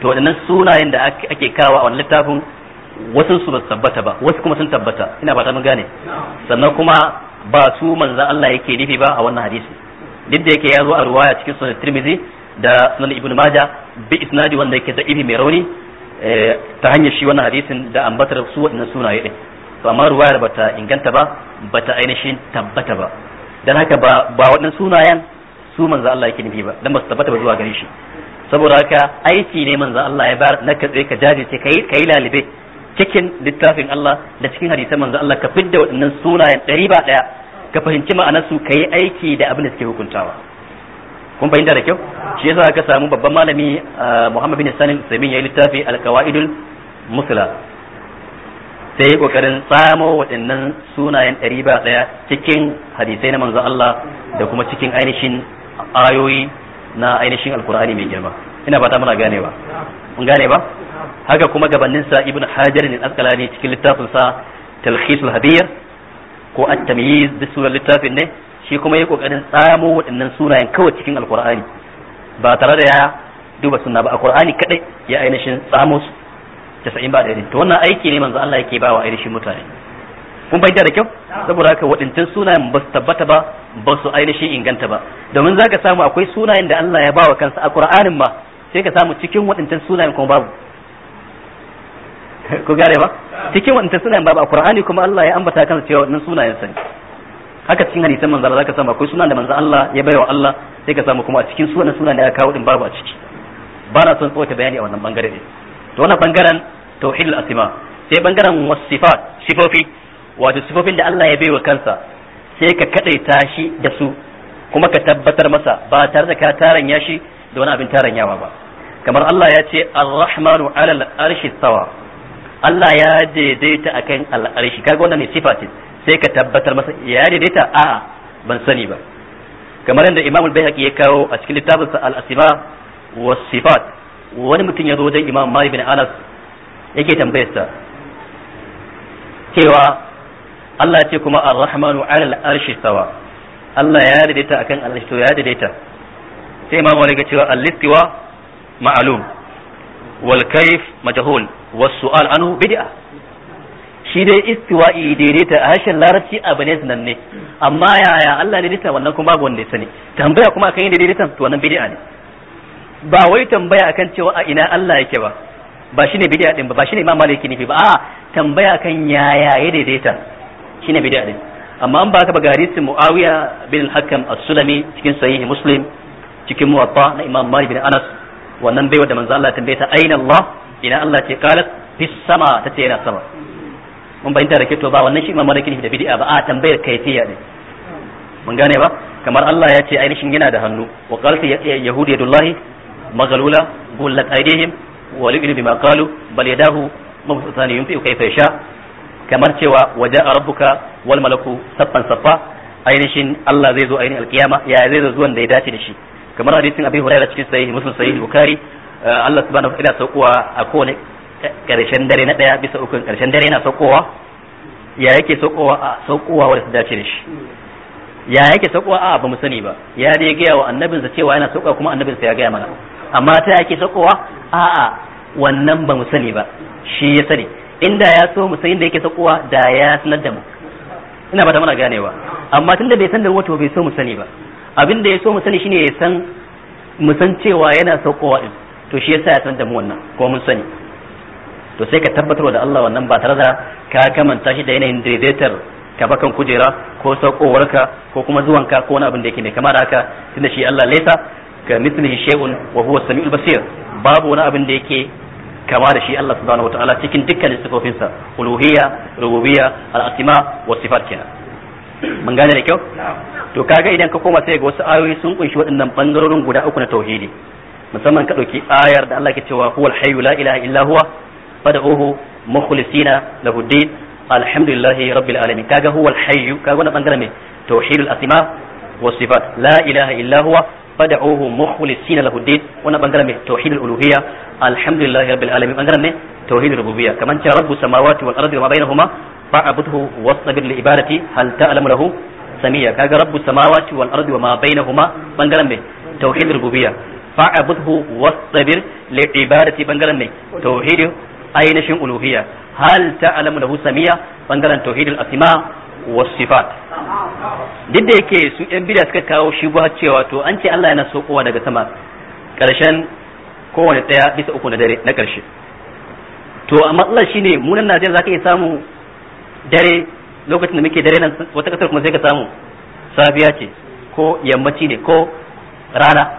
to waɗannan sunayen da ake kawo a wannan littafin wasu su tabbata ba wasu kuma sun tabbata ina ba ta mun gane sannan kuma ba su manzan Allah yake nufi ba a wannan hadisi duk da yake ya zo a ruwaya cikin sunan Tirmidhi da sunan Ibn Majah bi isnadi wanda yake da ibi mai rauni eh, ta hanyar shi wannan hadisin da ambatar su waɗannan sunaye din to amma ruwayar bata inganta ba bata ainihin tabbata ba dan haka ba ba waɗannan sunayen su manzo Allah yake nufi ba dan ba su tabbata ba zuwa gare shi saboda haka aiki ne manzo Allah ya bar na katse ka jajirce kai kai lalibe cikin littafin Allah da cikin hadisan manzo Allah ka fidda waɗannan sunayen ɗari ba ɗaya ka fahimci ma'anar ka yi aiki da abin da suke hukuntawa kun fahimta da kyau shi yasa ka samu babban malami ah, Muhammad bin Sanin samin yayi littafi al-Qawaidul Musla sai kokarin tsamo waɗannan sunayen ɗari ba ɗaya cikin hadisai na manzan Allah da kuma cikin ainihin ayoyi na ainihin alkur'ani mai girma ina fata muna gane ba. mun gane ba haka kuma gabanin sa ibnu hajar ne askalani cikin littafin sa talkhis ko at-tamyiz da sunan littafin ne shi kuma yi kokarin tsamo waɗannan sunayen kawai cikin alkur'ani ba tare da ya duba sunna ba alkur'ani kaɗai ya ainihin tsamo su Tasa'in ba daidai to wannan aiki ne manzo Allah yake bawa ainihin mutane kun bayyana da kyau saboda haka waɗancan sunayen ba su tabbata ba ba su ainihin inganta ba domin zaka samu akwai sunayen da Allah ya bawa kansa a Qur'anin ma sai ka samu cikin waɗancan sunayen kuma babu ku gare ba cikin waɗancan sunayen babu a Qur'ani kuma Allah ya ambata kansa cewa waɗannan sunayen sa haka cikin hadisan manzo Allah zaka samu akwai sunan da manzo Allah ya wa Allah sai ka samu kuma a cikin sunan sunan da aka kawo din babu a ciki ba na son tsoke bayani a wannan bangare ne to wannan bangaren tauhidul asma sai bangaren wasifat sifofi wato sifofin da Allah ya baiwa kansa sai ka kadaita shi da su kuma ka tabbatar masa ba tare da ka taranya shi da wani abin taranyawa ba kamar Allah ya ce ar-rahmanu ala al-arshi sawa Allah ya daidaita akan al-arshi kaga wannan ne sifati sai ka tabbatar masa ya daidaita a'a ban sani ba kamar yadda Imam al-Baihaqi ya kawo a cikin littafinsa al-asma was sifat wani mutum ya zo wajen imam malik bin anas yake tambayarsa cewa Allah ce kuma ar-rahmanu ala al-arshi sawa Allah ya daidaita akan al-arshi to ya daidaita sai imam malik ya cewa al-istiwa ma'lum wal kayf majhul was su'al anhu bid'ah shi dai istiwa'i daidaita a harshen larabci abu ne sanan ne amma yaya Allah daidaita wannan kuma babu wanda ya sani tambaya kuma akan yin daidaitan to wannan bid'a ne ba wai tambaya akan cewa a ina Allah yake ba ba shine bid'a din ba ba shine imam maliki nufi ba a'a tambaya kan yaya ya daidaita shine bid'a din amma an ba ka ba garisin muawiya bin al-hakam as-sulami cikin sahih muslim cikin muwatta na imam malik bin anas wannan baiwa da manzo Allah tambaye ta aina Allah ina Allah ce qalat fis sama tace yana sama mun bayyana da to ba wannan shi imam maliki nufi da bid'a ba a tambayar kaifiya ne mun gane ba kamar Allah ya ce ainihin yana da hannu wa qalti yahudi yadullahi مغلولا gullat aydihim wa ligri bima qalu bal yadahu mabsuutani yunfiqu kayfa yasha kamar cewa waja rabbuka wal malaku saffan saffa ainihin Allah zai zo ainihin alkiyama ya zai zo zuwan da ya dace da shi kamar hadisin abi hurairah cikin sahih muslim sahih bukhari eh, Allah subhanahu wa ta'ala saukowa a kowane karshen dare na daya bisa uku, karshen dare yana saukowa ya yake saukowa a saukowa wanda ta dace da shi ya yake a ba mu sani ba ya dai ga wa annabinsa cewa yana saukowa kuma annabinsa ya ga mana amma ta yake sakowa a'a wannan ba mu sani ba shi ya sani inda ya so mu san inda yake sakowa da ya sanar da mu ina ba ta mana ganewa amma tunda bai san da wato bai so mu sani ba abin da ya so mu sani shine ya san mu san cewa yana sakowa din to shi yasa ya san da mu wannan ko mun sani to sai ka tabbatar da Allah wannan ba tare da ka kamanta shi da yanayin daidaitar ka bakan kujera ko sakowarka ko kuma zuwanka ko wani abin da yake ne kamar haka tunda shi Allah laisa ka mithlihi shay'un wa huwa samiul basir babu wani abin da yake kama da shi Allah subhanahu wataala cikin dukkan sifofinsa uluhiyya rububiyya al-asma wa sifat kenan mun gane da kyau to kaga idan ka koma sai ga wasu ayoyi sun kunshi waɗannan bangarorin guda uku na tauhidi musamman ka ɗauki ayar da Allah ke cewa huwal hayyu la ilaha illa huwa fad'uhu mukhlisina lahu din alhamdulillahi rabbil alamin kaga huwal hayyu kaga wannan bangaren ne tauhidul asma was sifat la ilaha illa huwa fad'uhu mukhlisin lahu din wannan bangaren mai tauhidul uluhiyya alhamdulillahi rabbil alamin bangaren mai tauhidul rububiyya kaman cewa rabbus samawati wal ardi wa ma bainahuma fa'budhu wastabir li ibadati hal ta'lamu lahu samiyya kaga rabbus samawati wal ardi wa ma bainahuma bangaren mai tauhidul rububiyya fa'budhu wastabir li ibadati bangaren mai tauhidul ainihin uluhiyya hal ta'lamu lahu samiyya bangaren tauhidul asma wasifat duk da yake su yan bida suka kawo shi ba cewa to an ce Allah yana sokowa daga sama karshen kowane daya bisa uku na dare na karshe to a matsalar shine mu nan Najeriya zaka iya samu dare lokacin da muke dare nan wata kasar kuma sai ka samu safiya ce ko yammaci ne ko rana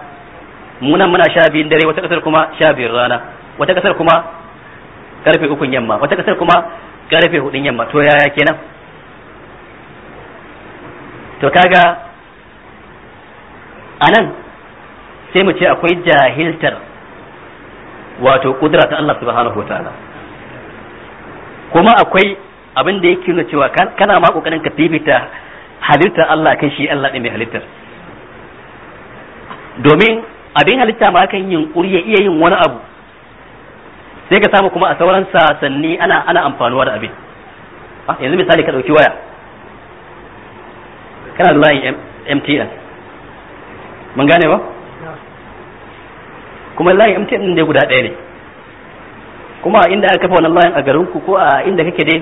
mu nan muna sha biyun dare wata kasar kuma sha biyun rana wata kasar kuma karfe ukun yamma wata kasar kuma karfe hudun yamma to yaya kenan to kaga nan sai mu ce akwai jahiltar wato kudura ta Allah subhanahu wa ta'ala kuma akwai abin da yake nuna cewa kana ma kokarin ka fifita halittar Allah kan shi Allah din mai halittar domin abin halitta ma kan yin ya iya yin wani abu sai ka samu kuma a sauran sasanni ana ana amfanuwa da abin ah, yanzu misali ka dauki waya kana da layin MTN mun gane ba kuma layin MTN din dai guda ɗaya ne kuma inda aka kafa wannan layin a garinku ko a inda kake dai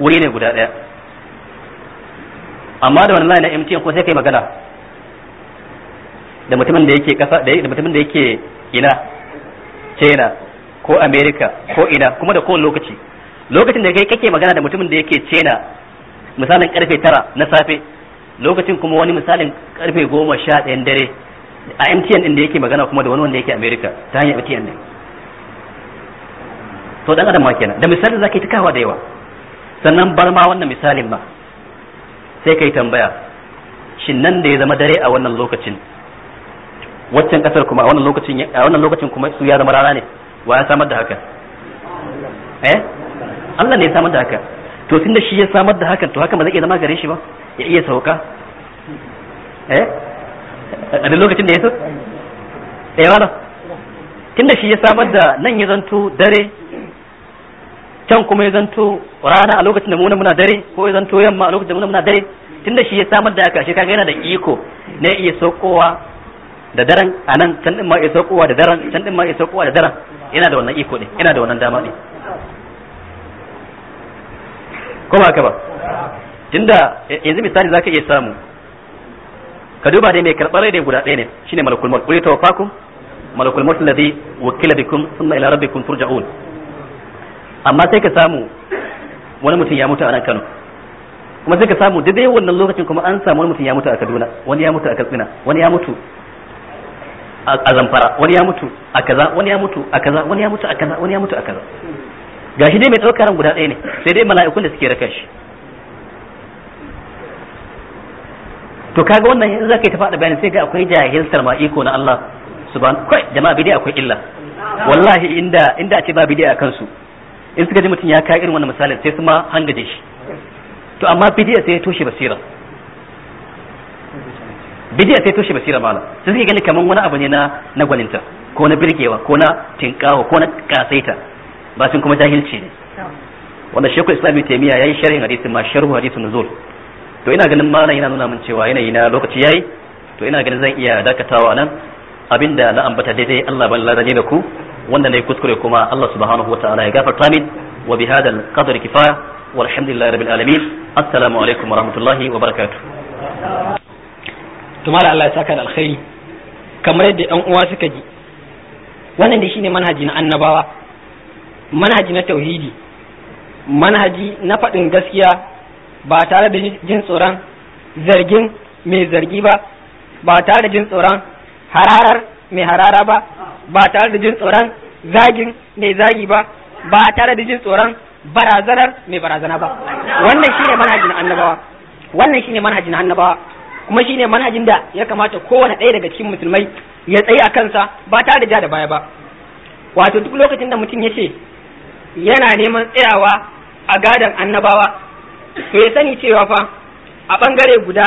wuri ne guda ɗaya amma da wannan layin na MTN ko sai kai magana da mutumin da yake kasa da mutumin da yake ina China ko America ko ina kuma da kowane lokaci lokacin da kai kake magana da mutumin da yake China misalin karfe tara na safe lokacin kuma wani misalin karfe goma sha ɗayan dare a MTN ɗin da yake magana kuma da wani wanda yake America ta hanyar MTN ne to dan adam ma kenan da misalin zaka yi kawa da yawa sannan bar ma wannan misalin ma sai kai tambaya shin nan da ya zama dare a wannan lokacin waccan kasar kuma a wannan lokacin a wannan lokacin kuma su ya zama rana ne wa ya samar da haka eh Allah ne ya samar da haka to tunda shi ya samar da hakan to haka ba zai iya zama gare shi ba ya iya sauka eh a duk lokacin da ya so eh wala tunda shi ya samar da nan ya zanto dare can kuma ya zanto rana a lokacin da muna muna dare ko ya zanto yamma a lokacin da muna muna dare tunda shi ya samar da aka kaga yana da iko na iya saukowa da daren a nan can din ma iya saukowa da daren can din ma iya saukowa da daren yana da wannan iko ne yana da wannan dama ne ba ka ba tunda yanzu misali zaka iya samu ka duba dai mai karɓar rai guda ɗaya ne shine malakul maut qul tawaffakum malakul maut alladhi wukila bikum thumma ila rabbikum turja'un amma sai ka samu wani mutum ya mutu a nan Kano kuma sai ka samu dai wannan lokacin kuma an samu wani mutum ya mutu a Kaduna wani ya mutu a Katsina wani ya mutu a Zamfara wani ya mutu a kaza wani ya mutu a kaza wani ya mutu a kaza wani ya mutu a kaza gashi dai mai ɗaukar guda ɗaya ne sai dai mala'ikun da suke raka shi to kaga wannan yanzu zaka ta faɗa bayani sai ga akwai jahiltar ma iko na Allah subhan kai jama'a bidai akwai illa wallahi inda inda a ce ba bidai a kansu in suka ji mutum ya kai irin wannan misalin sai su ma hangaje shi to amma bidai sai ya toshe basira bidai sai ya toshe basira malam sai suke gani kaman wani abu ne na na gwaninta ko na birgewa ko na tinkawa ko na kasaita ba sun kuma jahilci ne wannan shekul islami taimiya ya yi sharhin hadisin ma sharhu hadisin nuzul to ina ganin malam yana nuna min cewa yanayi na lokaci yayi to ina ganin zan iya dakatawa nan abinda na ambata daidai Allah ban ladaje da ku wanda yi kuskure kuma Allah subhanahu wataala ya gafarta min wa bi hadal qadri kifaya walhamdulillahi rabbil alamin assalamu alaikum wa rahmatullahi wa barakatuh to malam Allah ya saka da alkhairi kamar yadda yan uwa suka ji wannan da shine manhaji na annabawa manhaji na tauhidi manhaji na faɗin gaskiya ba tare da jin tsoron zargin mai zargi ba ba tare da jin tsoron hararar mai harara ba ba tare da jin tsoron zagin mai zagi ba ba tare da jin tsoron barazanar mai barazana ba wannan shine manhajin annabawa wannan shine manhajin annabawa kuma shine manhajin da ya kamata kowane ɗaya daga cikin musulmai ya tsaye a kansa ba tare da ja da baya ba wato duk lokacin da mutum ya ce yana neman tsayawa a gadon annabawa to ya sani cewa fa a bangare guda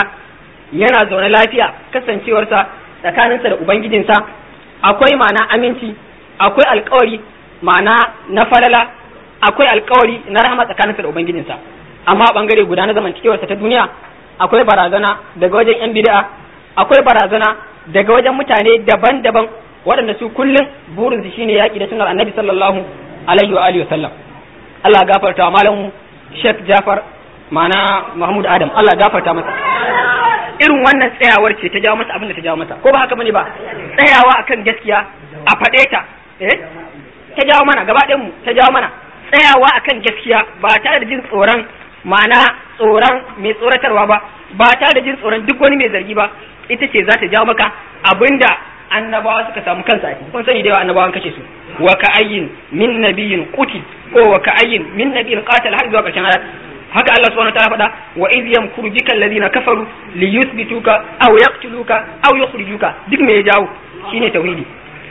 yana zaune lafiya kasancewarsa tsakaninsa da ubangijinsa akwai ma'ana aminci akwai alkawari ma'ana na falala akwai alkawari na rahama tsakaninsa da ubangijinsa amma a bangare guda na zamantakewarsa ta duniya akwai barazana daga wajen yan bid'a akwai barazana daga wajen mutane daban-daban waɗanda su kullum burinsu shine yaƙi da sunan annabi sallallahu alaihi wa alihi wa sallam Allah gafarta wa malamu Sheikh Jafar mana Mahmud Adam Allah gafarta masa irin wannan tsayawar ce ta jawo masa abin da ta jawo masa ko ba haka bane ba tsayawa akan gaskiya a faɗe ta eh ta jawo mana gaba mu ta jawo mana tsayawa akan gaskiya ba tare da jin tsoron ma'ana tsoron mai tsoratarwa ba ba tare da jin tsoron duk wani mai zargi ba ita ce za ta jawo maka abinda annabawa suka samu kansa a kun sani da yawa annabawan kashe su wa ka ayyin min nabiyin kuti ko wa ka ayyin min nabiyin qatal har zuwa karshen ayat haka Allah subhanahu ta'ala faɗa wa idh yamkuru bika alladhina kafaru li yuthbituka aw yaqtuluka aw yukhrijuka duk me ya jawo shine tauhidi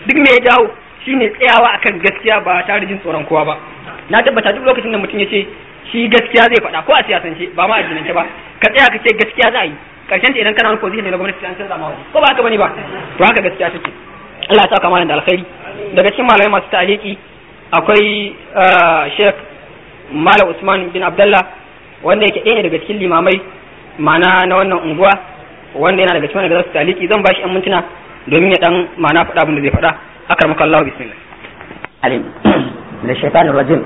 duk me ya jawo shine tsayawa akan gaskiya ba tare jin tsoron kowa ba na tabbata duk lokacin da mutum ya ce shi gaskiya zai faɗa ko a siyasance ba ma a jinance ba ka tsaya ka ce gaskiya za a yi karshen ta idan kana wani position ne na gwamnati an canza ma wani ko ba haka bane ba to haka gaskiya take Allah ya saka mana da alkhairi daga cikin malamai masu ta'aliki akwai ah, Sheikh Malam Usman bin Abdullah wanda ya ke ɗaya daga cikin limamai mana na wannan unguwa wanda yana daga cikin gazarsu taliki zan bashi 'yan mintuna domin ya ɗan mana faɗa abin zai faɗa akar maka Allah bismillah. Alim, da shaitan rajim,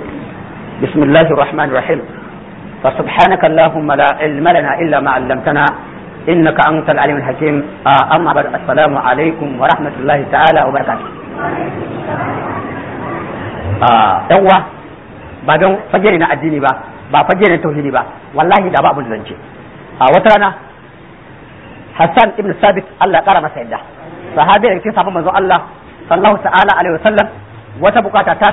bismillahi rahman rahim, fa subhanaka lana illa ma allamtana innaka antal alimul hakim amma ba assalamu wa rahmatullahi ta'ala wa barakatuh. Ah, ba don fage ne na addini ba, ba fage ne tauhidi ba wallahi da ba abin zance a wata rana Hassan ibn Sabit Allah kara masa yadda sahabi da cikin sahabban manzon Allah sallallahu ta'ala alaihi wasallam wata bukata ta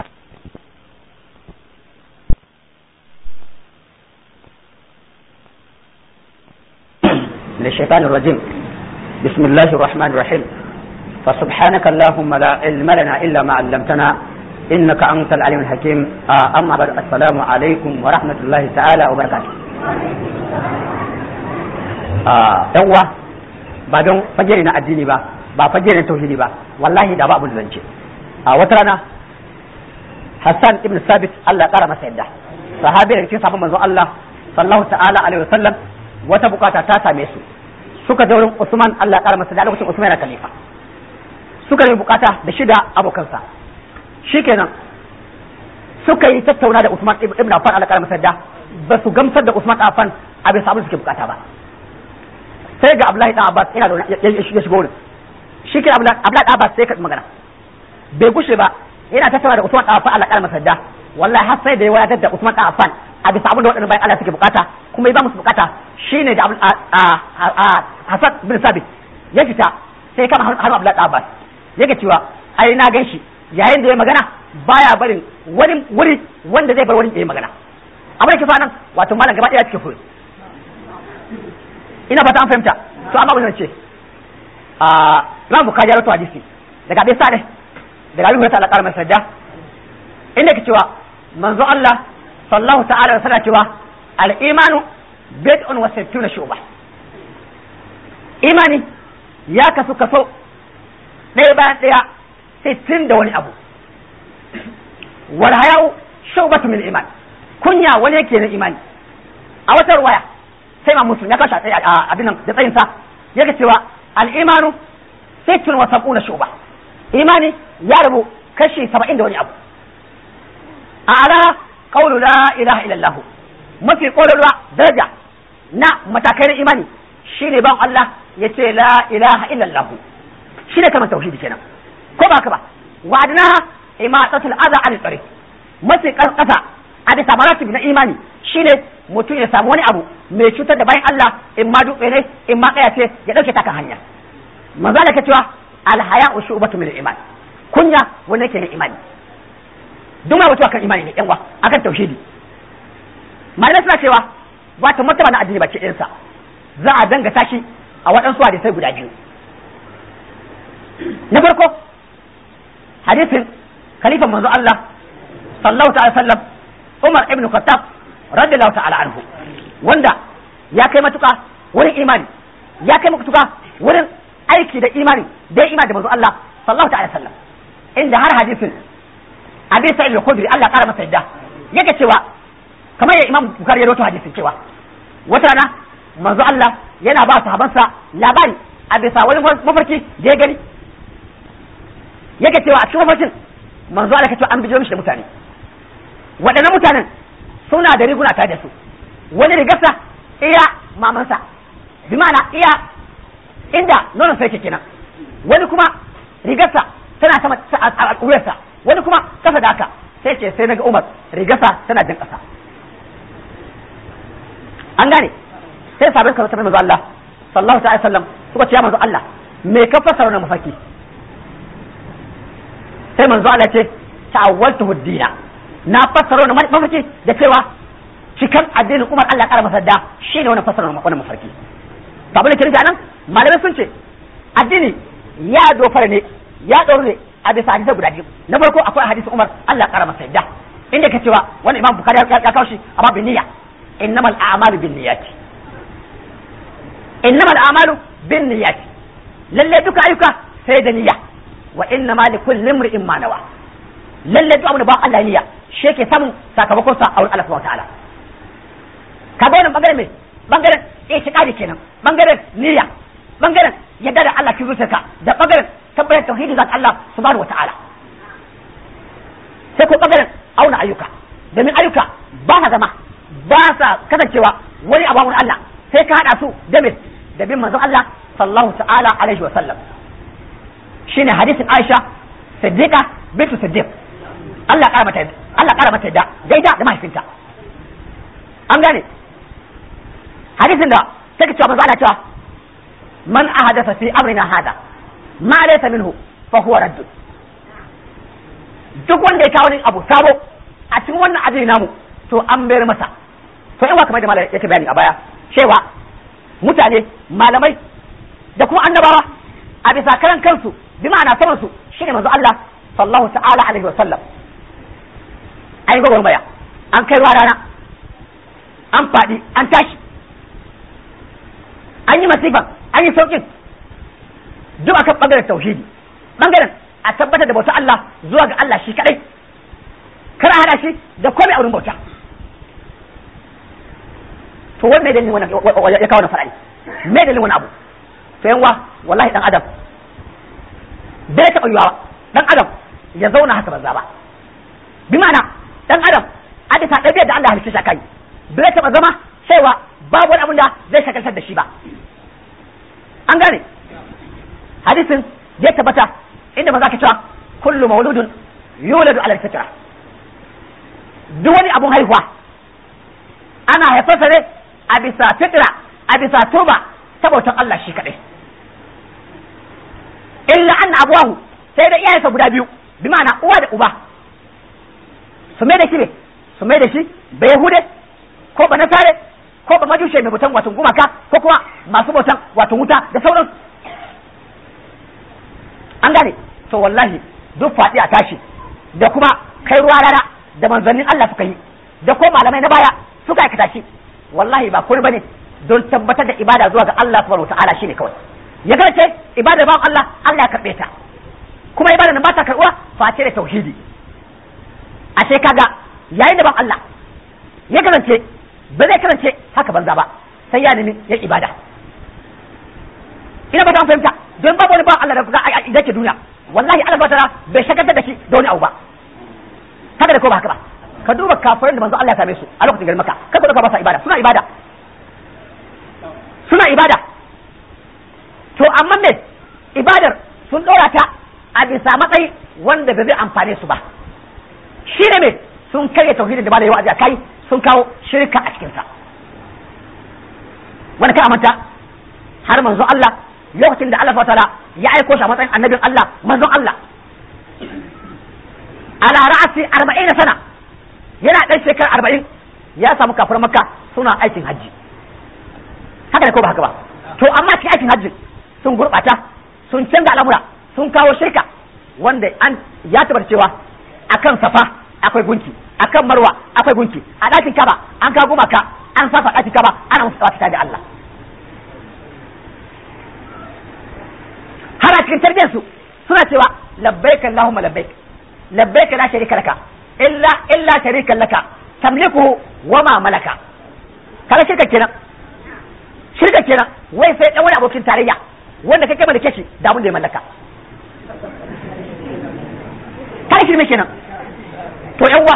للشيطان الرجيم بسم الله الرحمن الرحيم فسبحانك اللهم لا علم لنا إلا ما علمتنا إنك أنت العليم الحكيم أما بعد السلام عليكم ورحمة الله تعالى وبركاته يوا ba don fajere na addini ba ba fajere na tauhidi ba wallahi da babu zance a wata rana Hassan ibn Sabit Allah kara masa yadda sahabi da cikin sahabban manzon Allah sallallahu ta'ala wata ta same su suka je Usman Allah kara masa da lokacin Usman na khalifa suka yi bukata da shida abokansa shikenan suka yi tattauna da Usman ibn Affan Allah kara masa ba su gamsar da Usman Affan a bai samu suke bukata ba sai ga Abdullahi dan Abbas ina da ya shigo wurin shi Abdullahi dan Abbas sai ka magana bai gushe ba yana tattauna da Usman dan Affan Allah kara masa wallahi har sai da ya wayar da Usman dan Affan a bisa abin da wadannan bayan Allah suke bukata kuma ya ba musu bukata shine da Hassan bin Sabit ya fita sai kama har Abdullahi dan Abbas yake cewa ai na gan shi yayin da ya magana baya barin wani wuri wanda zai bar wani ya yi magana amma da fa nan wato malam gaba daya cikin fure ina ba ta an fahimta to amma bazan ce a ran buka ya rawaito hadisi daga abin ne daga abin hurairah Allah masa inda ke cewa manzo Allah Sallahu ta'ala wa sallam cewa al-imanu bid'un wa sittuna shu'bah imani ya kasu kaso ɗaya bayan ɗaya sittin da wani abu wal haya'u shubatu min iman kunya wani yake na imani a wata ruwaya sai ma musulmi ya kasha a abin da tsayin sa yake cewa al imanu sittun wa sab'una shuba imani ya rabu kashi saba'in da wani abu a ala qawlu la ilaha illallah mafi kololuwa daraja na matakai na imani shine ban Allah yace la ilaha illallah shine kamar tauhidi kenan ko ba ka ba wa ima imatatul aza an tsare mafi karkasa a bisa maratib na imani shine mutum ya samu wani abu mai cutar da bayan Allah in ma dutse ne in ma kaya ce ya dauke ta kan hanya manzo da cewa alhaya wa shu'batu min iman kunya wannan ke imani duk mai mutuwa kan imani ne yan akan tauhidi malamai suna cewa ba ta martaba na addini ba ce za a danga shi a waɗansu hadisai guda biyu na farko hadisin khalifan manzo Allah sallallahu alaihi wasallam Umar ibn Khattab radiyallahu ta'ala anhu wanda ya kai matuka wurin imani ya kai matuka wurin aiki da imani da imani da manzo Allah sallallahu ta'ala sallam inda har hadisin Abi Sa'id al-Khudri Allah kara masa yadda yake cewa kamar ya Imam Bukhari ya rawaito hadisin cewa wata rana manzo Allah yana ba sahabansa labari a bisa wani mafarki da ya gani yake cewa a cikin mafarkin manzo Allah cewa an bijo mishi da mutane waɗannan mutanen suna da riguna tare da su wani rigarsa iya mamansa bi ma'ana iya inda nonon sai kenan wani kuma rigarsa tana sama a ƙuriyarsa wani kuma kasa da haka sai ce sai naga Umar rigarsa tana jin ƙasa an gane sai sabon karatu manzo Allah sallallahu ta'ala sallam suka ce ya manzo Allah me ka fasara wannan mafaki sai manzo Allah ce ta'awwaltu huddina na fassara wannan mafarki da cewa cikan addinin Umar Allah kara masa da shi ne wannan fassarar wannan mafarki ba bane kirga malamai sun ce addini ya dofara ne ya doro ne a bisa hadisi guda biyu na farko akwai hadisin Umar Allah kara masa da inda ka cewa wannan Imam Bukhari ya kawo shi amma bi niyya innamal a'malu bin niyyati innamal a'malu bin niyyat lalle duka ayyuka sai da niyya wa inna ma li kulli imrin ma nawa lalle duk abin ba Allah niyya shi yake samun sakamakon sa a wurin Allah subhanahu ka kaga wannan bangaren me bangaren i'tiqadi kenan bangaren niyya bangaren yadda da Allah ki zuciyarka da bangaren tabbatar tauhidi zat Allah subhanahu wa ta'ala sai ko bangaren auna ayyuka domin ayyuka ba sa zama ba sa kasancewa wani abu Allah sai ka hada su da da bin manzon Allah sallallahu ta'ala alaihi wa sallam shine hadisin Aisha Siddiqa bitu Siddiq Allah ƙara mata Allah ƙara mata da da mahaifinta an gane hadisin da take cewa manzo Allah cewa man ahadatha fi na hada ma laysa minhu fa huwa radd duk wanda ya kawo wani abu sabo a cikin wannan ajin namu to an bayar masa to yawa kamar da malam yake bayani a baya cewa mutane malamai da kuma annabawa a bisa karan kansu bi ma'ana saman su shine manzo Allah sallallahu ta'ala alaihi wa sallam ai gogon baya an kai ruwa rana an faɗi an tashi an yi masifan an yi saukin duk akan bangaren tauhidi bangaren a tabbatar da bauta Allah zuwa ga Allah shi kadai kar a hada shi da komai a wurin bauta to wannan dalilin wannan ya kawo na farali me dalilin wani abu to yanwa wallahi dan adam bai taɓa yiwa ba dan adam ya zauna haka banza ba bi ma'ana dan adam ta ɗabi'ar da Allah halitta shi kai bai taɓa zama cewa babu wani abin da zai shagaltar da shi ba an gane hadisin ya tabbata inda ba za ka cewa kullum mauludun yuladu ala fitra duk wani abun haihuwa ana haifarsa ne a bisa fitra a bisa tuba saboda Allah shi kaɗai illa anna abuwahu sai da iyayensa guda biyu bi ma'ana uwa da uba su mai da shi ne su mai da shi bai yahude ko ba nasare ko ba majushe mai bautan wato gumaka ko kuma masu bautan wato wuta da sauran. an gane to wallahi duk fadi a tashi da kuma kai ruwa rana da manzannin Allah suka yi da ko malamai na baya suka aikata shi wallahi ba kuri bane don tabbatar da ibada zuwa ga Allah subhanahu wa ta'ala shine kawai ya ga ce ibada ba Allah Allah ya karbe ta kuma ibada nan ba ta karbuwa face da tauhidi ashe kaga yayi da ba Allah ya karance ba zai karance haka banza ba sai ya nemi ya ibada ina ba ta fahimta don babu wani ba Allah da kuka da ke duniya wallahi Allah ba ta bai shakarta da shi da wani abu ba haka da ko ba haka ba ka duba kafirin da manzo Allah ya same su a lokacin garin Makka da ka ba sa ibada suna ibada suna ibada to amma me ibadar sun ɗora ta a bisa matsayi wanda ba zai amfane su ba shi ne me sun karya tauhidin da ba da yawa a kai sun kawo shirka a cikinsa wani ka amanta har manzo Allah lokacin da Allah ta'ala ya aiko shi a matsayin annabin Allah manzon Allah ala ra'asi 40 sana yana ɗan shekara arba'in ya samu kafar makka suna aikin hajji haka ne ko ba haka ba to amma cikin aikin hajji sun gurɓata sun canza al'amura sun kawo shirka wanda an ya tabbata cewa akan safa akwai gunki akan marwa akwai gunki a ɗakin kaba an kawo gumaka an safa ɗakin kaba ana musu tsawata da Allah har a cikin tarbiyyar su suna cewa labbaik Allahumma labbaik labbaik la sharika laka illa illa sharika laka tamliku wa ma malaka kala shirka kenan shirka kenan wai sai dan wani abokin tarayya wanda kai mallake shi da abin da ya mallaka kada shirme kenan to yawa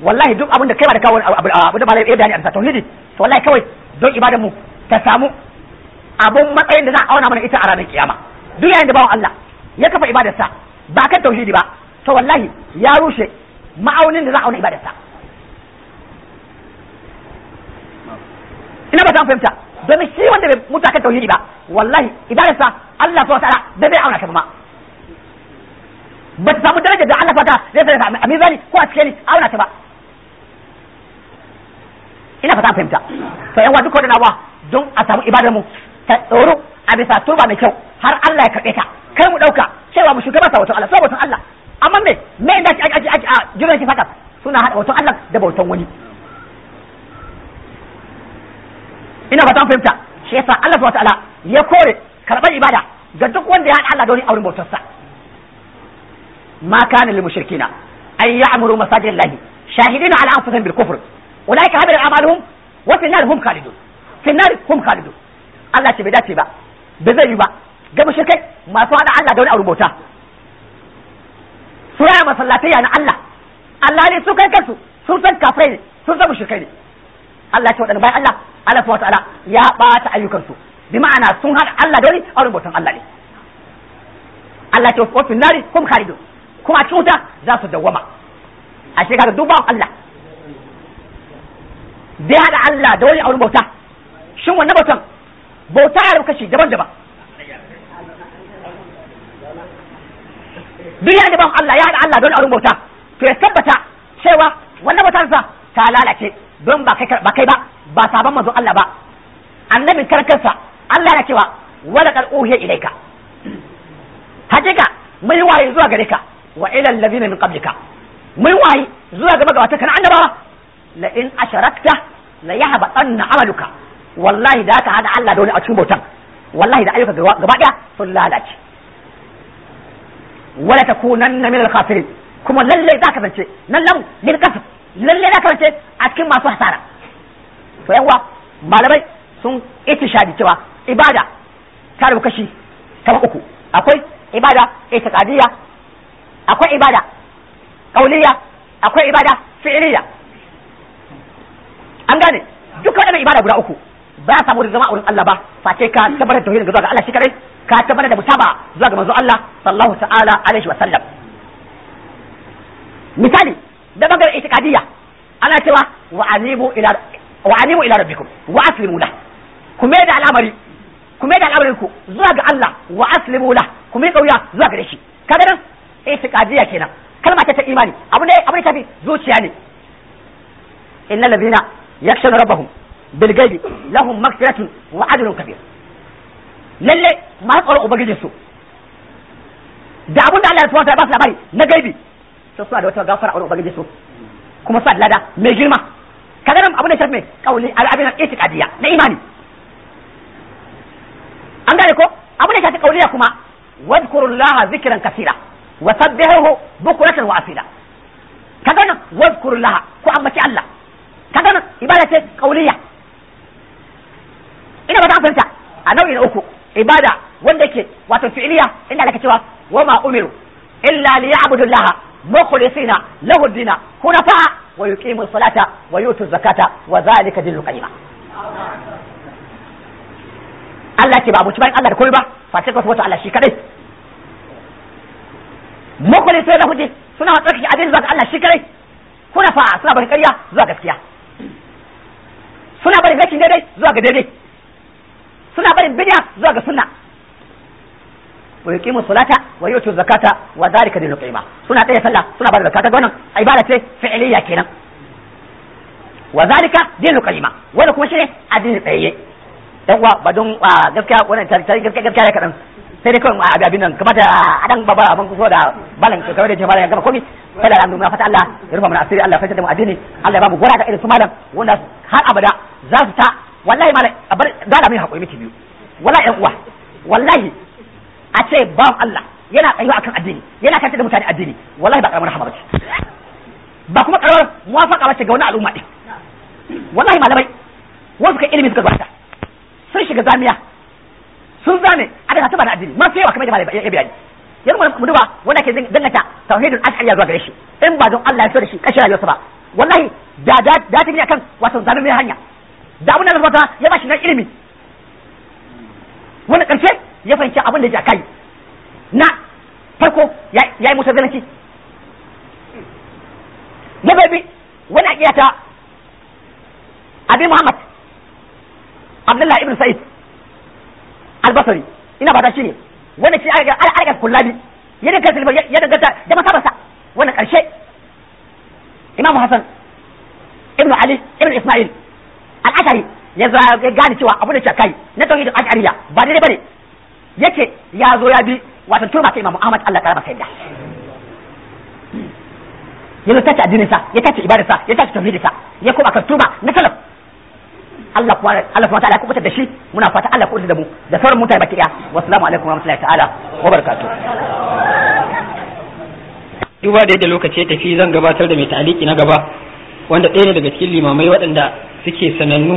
wallahi duk abin da kai ba da kawo abu da malai bayani a tauhidi to wallahi kawai don ibadan mu ta samu abun matsayin da za a auna mana ita a ranar kiyama duk yayin da bawan Allah ya kafa ibadarsa ba kan tauhidi ba to wallahi ya rushe ma'aunin da za a auna ibadarsa ina ba ta fahimta domin shi wanda bai mutu akan tauhidi ba wallahi idan sa Allah ta wataala da bai auna shi kuma ba ta samu daraja da Allah fata zai sa a mizani ko a cikin auna ta ba ina fata fahimta to yan wasu wa don a samu ibadar mu ta tsoro a bisa turba mai kyau har Allah ya karɓe ta kai mu ɗauka cewa mu shugaba sa Allah sai Allah amma me me inda ake ake ake a jiran shi saka suna hada wato Allah da bautan wani ina fata fahimta shi yasa Allah subhanahu wataala ya kore karɓar ibada ga duk wanda ya haɗa Allah da wani auren bautarsa ma kana lil mushrikina ay ya'muru masajid Allah shahidina ala anfusihim bil kufr ulaika habira a'maluhum wa fi nar hum khalidun fi nar hum khalidun Allah ce bai dace ba bai zai yi ba ga mushrikai masu haɗa Allah da wani auren bauta su yaya masallatai na Allah Allah ne su kai kansu sun san kafirai ne sun san mushrikai ne Allah ce waɗanda bai Allah Allah wa ta'ala ya ɓata ayyukansu bi ma'ana sun haɗa Allah da wani a wurin bautan Allah ne Allah ce wasu nari kuma khalidun kuma cikin wuta za su dawwama a shekara duk bawan Allah zai haɗa Allah da wani a wurin bauta shin wannan bautan bauta ya kashi daban-daban duk ya daban Allah ya haɗa Allah da wani a wurin bauta to ya tabbata cewa wannan sa ta lalace don ba kai ba ba sabon manzon Allah ba annabin karkarsa Allah ya cewa wala qad uhiya ilayka hakika mai wayi zuwa gare ka wa ila allazina min qablika mai wayi zuwa gaba ga wata kana annabawa la in asharakta la yahbatanna amaluka wallahi da ka hada Allah da wani a cikin bautan wallahi da ayyuka gaba daya sun lalace wala takunanna min al-khasirin kuma lalle za ka zance nan lam lil kasb lalle za ka zance a cikin masu hasara to yan malamai sun ita shadi cewa ibada ta rabu kashi kama uku akwai ibada itiqadiyya akwai ibada qauliyya akwai ibada fi'liyya an gane duk mai ibada guda uku ba ya samu zama a wurin Allah ba face ka tabbatar tauhidin zuwa ga Allah shi kadai ka tabbatar da mutaba zuwa ga manzo Allah sallallahu ta'ala alaihi wa sallam misali da bangaren itiqadiyya ana cewa wa anibu ila wa animu ila rabbikum wa aslimu lah ku da al'amari ku da al'amarin ku zuwa ga Allah wa aslimu lah ku mai kauya zuwa gare shi kaga nan kadiya kenan kalma ta ta imani abu ne abu ne tafi zuciya ne innal ladina yakshawna rabbahum bil ghaibi lahum maghfiratun wa ajrun kabir lalle ma tsaro ubangijin su da abun da Allah ya tsawata ba su labari na gaibi sai suna da wata gafara a wurin ubangijin su kuma sa lada mai girma kaga nan abin da shafi mai kauli abin da itiqadiyya na imani an gane ko abin da shafi kauliya kuma wadkurullaha zikran kasira wa sabbihuhu bukratan wa asila kaga nan wadkurullaha ambaci Allah kaga nan ibada ce kauliya ina ba ta fahimta a nau'in uku ibada wanda yake wato fi'iliya inda da cewa wa ma umiru illa liya'budu مخلصين له الدين حنفاء ويقيم الصلاة ويؤتوا الزكاة وذلك دين القيمة Allah ce ba abu bayan Allah da komai ba fasir ka wata Allah shi kadai mukhlis sai lahudi suna tsarki abin zuwa ga Allah shi kadai kuna fa suna bari ƙarya zuwa gaskiya suna bari rashin daidai zuwa ga daidai suna bari bid'a zuwa ga sunna wa yuqimu salata wa yu'tu zakata wa dhalika dinul suna tsaye sallah suna bada zakata wannan ibada ce fi'liya kenan wa zalika dinul qiyama kuma shine addinin tsaye dan uwa ba gaskiya wannan tarihi gaskiya gaskiya kadan sai dai kawai abin nan kamar a adan baba abin kuso da balan da jama'a sai da fata Allah ya rufa mana asiri Allah fata da mu addini Allah ya ba gora da irin su malam wanda har abada za su ta wallahi malai abar da da mai hakuri miki biyu wallahi yan uwa wallahi a ce ba Allah yana tsayuwa akan addini yana kanta da mutane addini wallahi ba karamar rahama bace ba kuma karamar muwafaqa bace ga wani al'umma din wallahi malamai wasu kai ilimi suka gwada sun shiga zamiya sun zame a daga tabar addini ma sai wa kamar da malai ya bayani yanzu mu duba wanda ke dangata tauhidul ashariya zuwa gare shi in ba don Allah ya so da shi kashi rayuwarsa ba wallahi da da da ta akan wato zame mai hanya da abun da Allah ya ba shi na ilimi wani karshe ya fahimci abin da jaka yi na farko ya yi musa zalanci na bai wani aƙiya ta abi muhammad abdullah ibn sa'id albasari ina ba ta shi ne wani shi al'adar kullabi ya danganta ya danganta da masabarsa wannan karshe imamu Hassan ibn ali ibn isma'il al'ashari ya gane cewa abu da cakai na tauhidul ashariya ba daidai bane yace ya zo ya bi wato turba ta imamu ahmad Allah karama sai da ya zo tace addinin sa ya tace ibadar sa ya tace tauhidin sa ya koma kan turba na salaf Allah kuwa Allah kuwa ta'ala kubutar da shi muna fata Allah kubutar da mu da sauran mutane baki daya wassalamu alaikum warahmatullahi ta'ala wa barakatuh duba da yadda lokaci ya tafi zan gabatar da mai ta'aliki na gaba wanda ɗaya ne daga cikin limamai waɗanda suke sanannu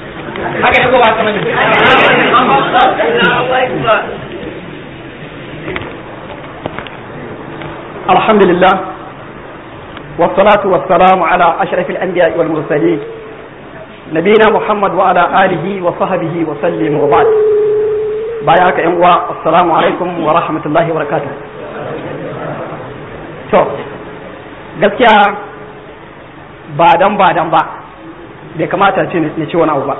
haka ne ko ba ka bane الحمد لله والصلاة والسلام على أشرف الأنبياء والمرسلين نبينا محمد وعلى آله وصحبه وسلم وبعد بايعك ينوى السلام عليكم ورحمة الله وبركاته to gaskiya ba dan ba dan ba bai kamata ce ne ce wani abu ba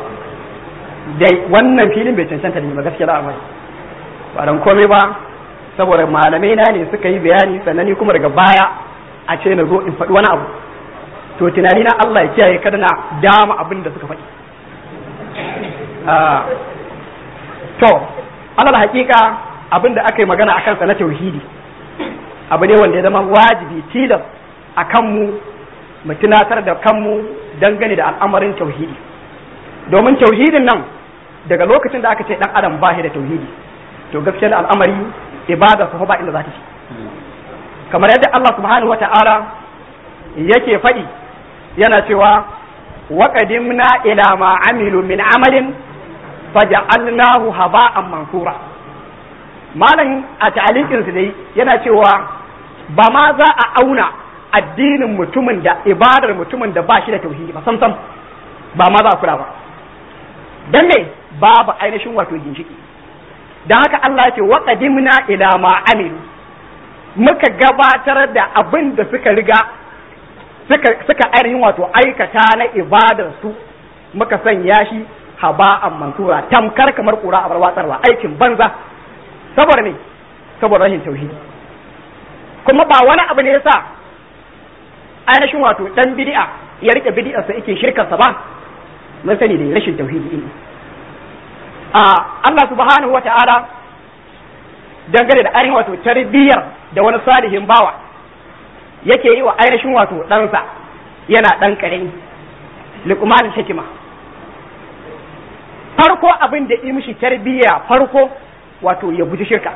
da wannan filin bai cancanta da ba gaskiya da ba dan komai ba saboda malamai na ne suka yi bayani sannan ni kuma daga baya a ce na zo in faɗi wani abu to tunani na Allah ya kiyaye kada na dama abin da suka faɗi ah, to alal hakika abin da aka yi magana akan sa na tauhidi abu ne wanda ya zama wajibi tilas a kanmu mu tunatar da kanmu dangane da al'amarin tauhidi domin tauhidin nan daga lokacin da aka ce dan adam ba shi da tauhidi to gaskiyar al'amari ibada ko ba inda za ta ci kamar yadda Allah subhanahu wata'ala yake faɗi yana cewa qadimna ila ma amilu min amalin faj'alnahu haba'an mansura malam a ta'alikin su dai yana cewa ba ma za a auna addinin mutumin da ibadar mutumin da ba shi da tauhidi ba sam sam ba ma za a kula ba dan ne. babu ainihin wato ginshiki don haka Allah ce wa qadimna ila ma amilu muka gabatar da abin da suka riga suka ainihin wato aikata na ibadar su muka sanya shi a mantura tamkar kamar ƙura a barwatsarwa aikin banza saboda ne saboda rashin tauhidi kuma ba wani abu ne yasa ainihin wato ɗan bidi'a ya rike bid'arsa yake shirkarsa ba mun sani da rashin tauhidi ne A Allah subhanahu wata'ala dangane da ainihin wato tarbiyyar da wani salihin bawa yake yi wa ainihin wato ɗansa yana ɗan ƙarami liqman hikima farko abin da yi mishi tarbiyya farko wato ya guji shirka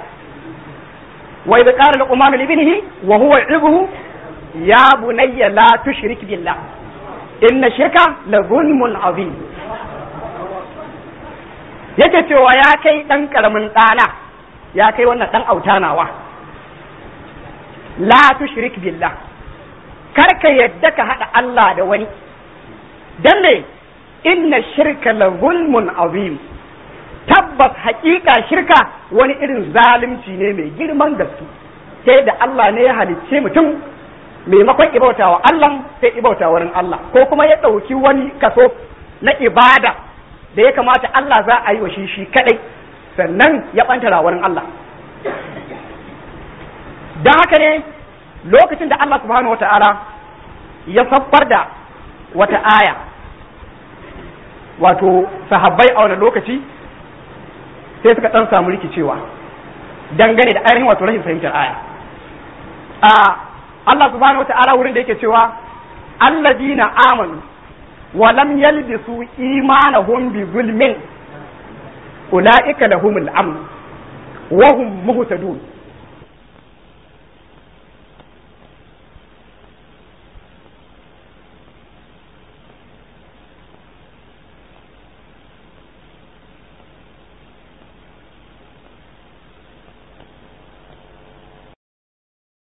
wai da ƙara luqman li wa huwa yu'ibuhu ya bunayya la tushrik billah inna shirka la zulmun azim yake cewa ya kai ɗan ƙaramin ɗana ya kai wannan ɗan auta nawa la tushrik billah kar ka yadda ka haɗa Allah da wani dan ne inna shirka la zulmun azim tabbas haƙiƙa shirka wani irin zalunci ne mai girman gaske sai da Allah ne ya halicce mutum maimakon ibauta wa Allah sai ibauta wurin Allah ko kuma ya ɗauki wani kaso na ibada da ya kamata Allah za a yi wa shi shi kadai sannan ya ɓanta rawarin Allah don haka ne lokacin da Allah subhanahu ta'ala ya saffar da wata aya wato sahabbai a wani lokaci sai suka ɗan samu rikicewa dangane da ainihin wato rashin fahimtar aya a Allah subhanahu ta'ala wurin da yake cewa Allah allazina amanu walam lam yalbisu imanahum bi zulmin ulaika lahumul amn wa hum muhtadun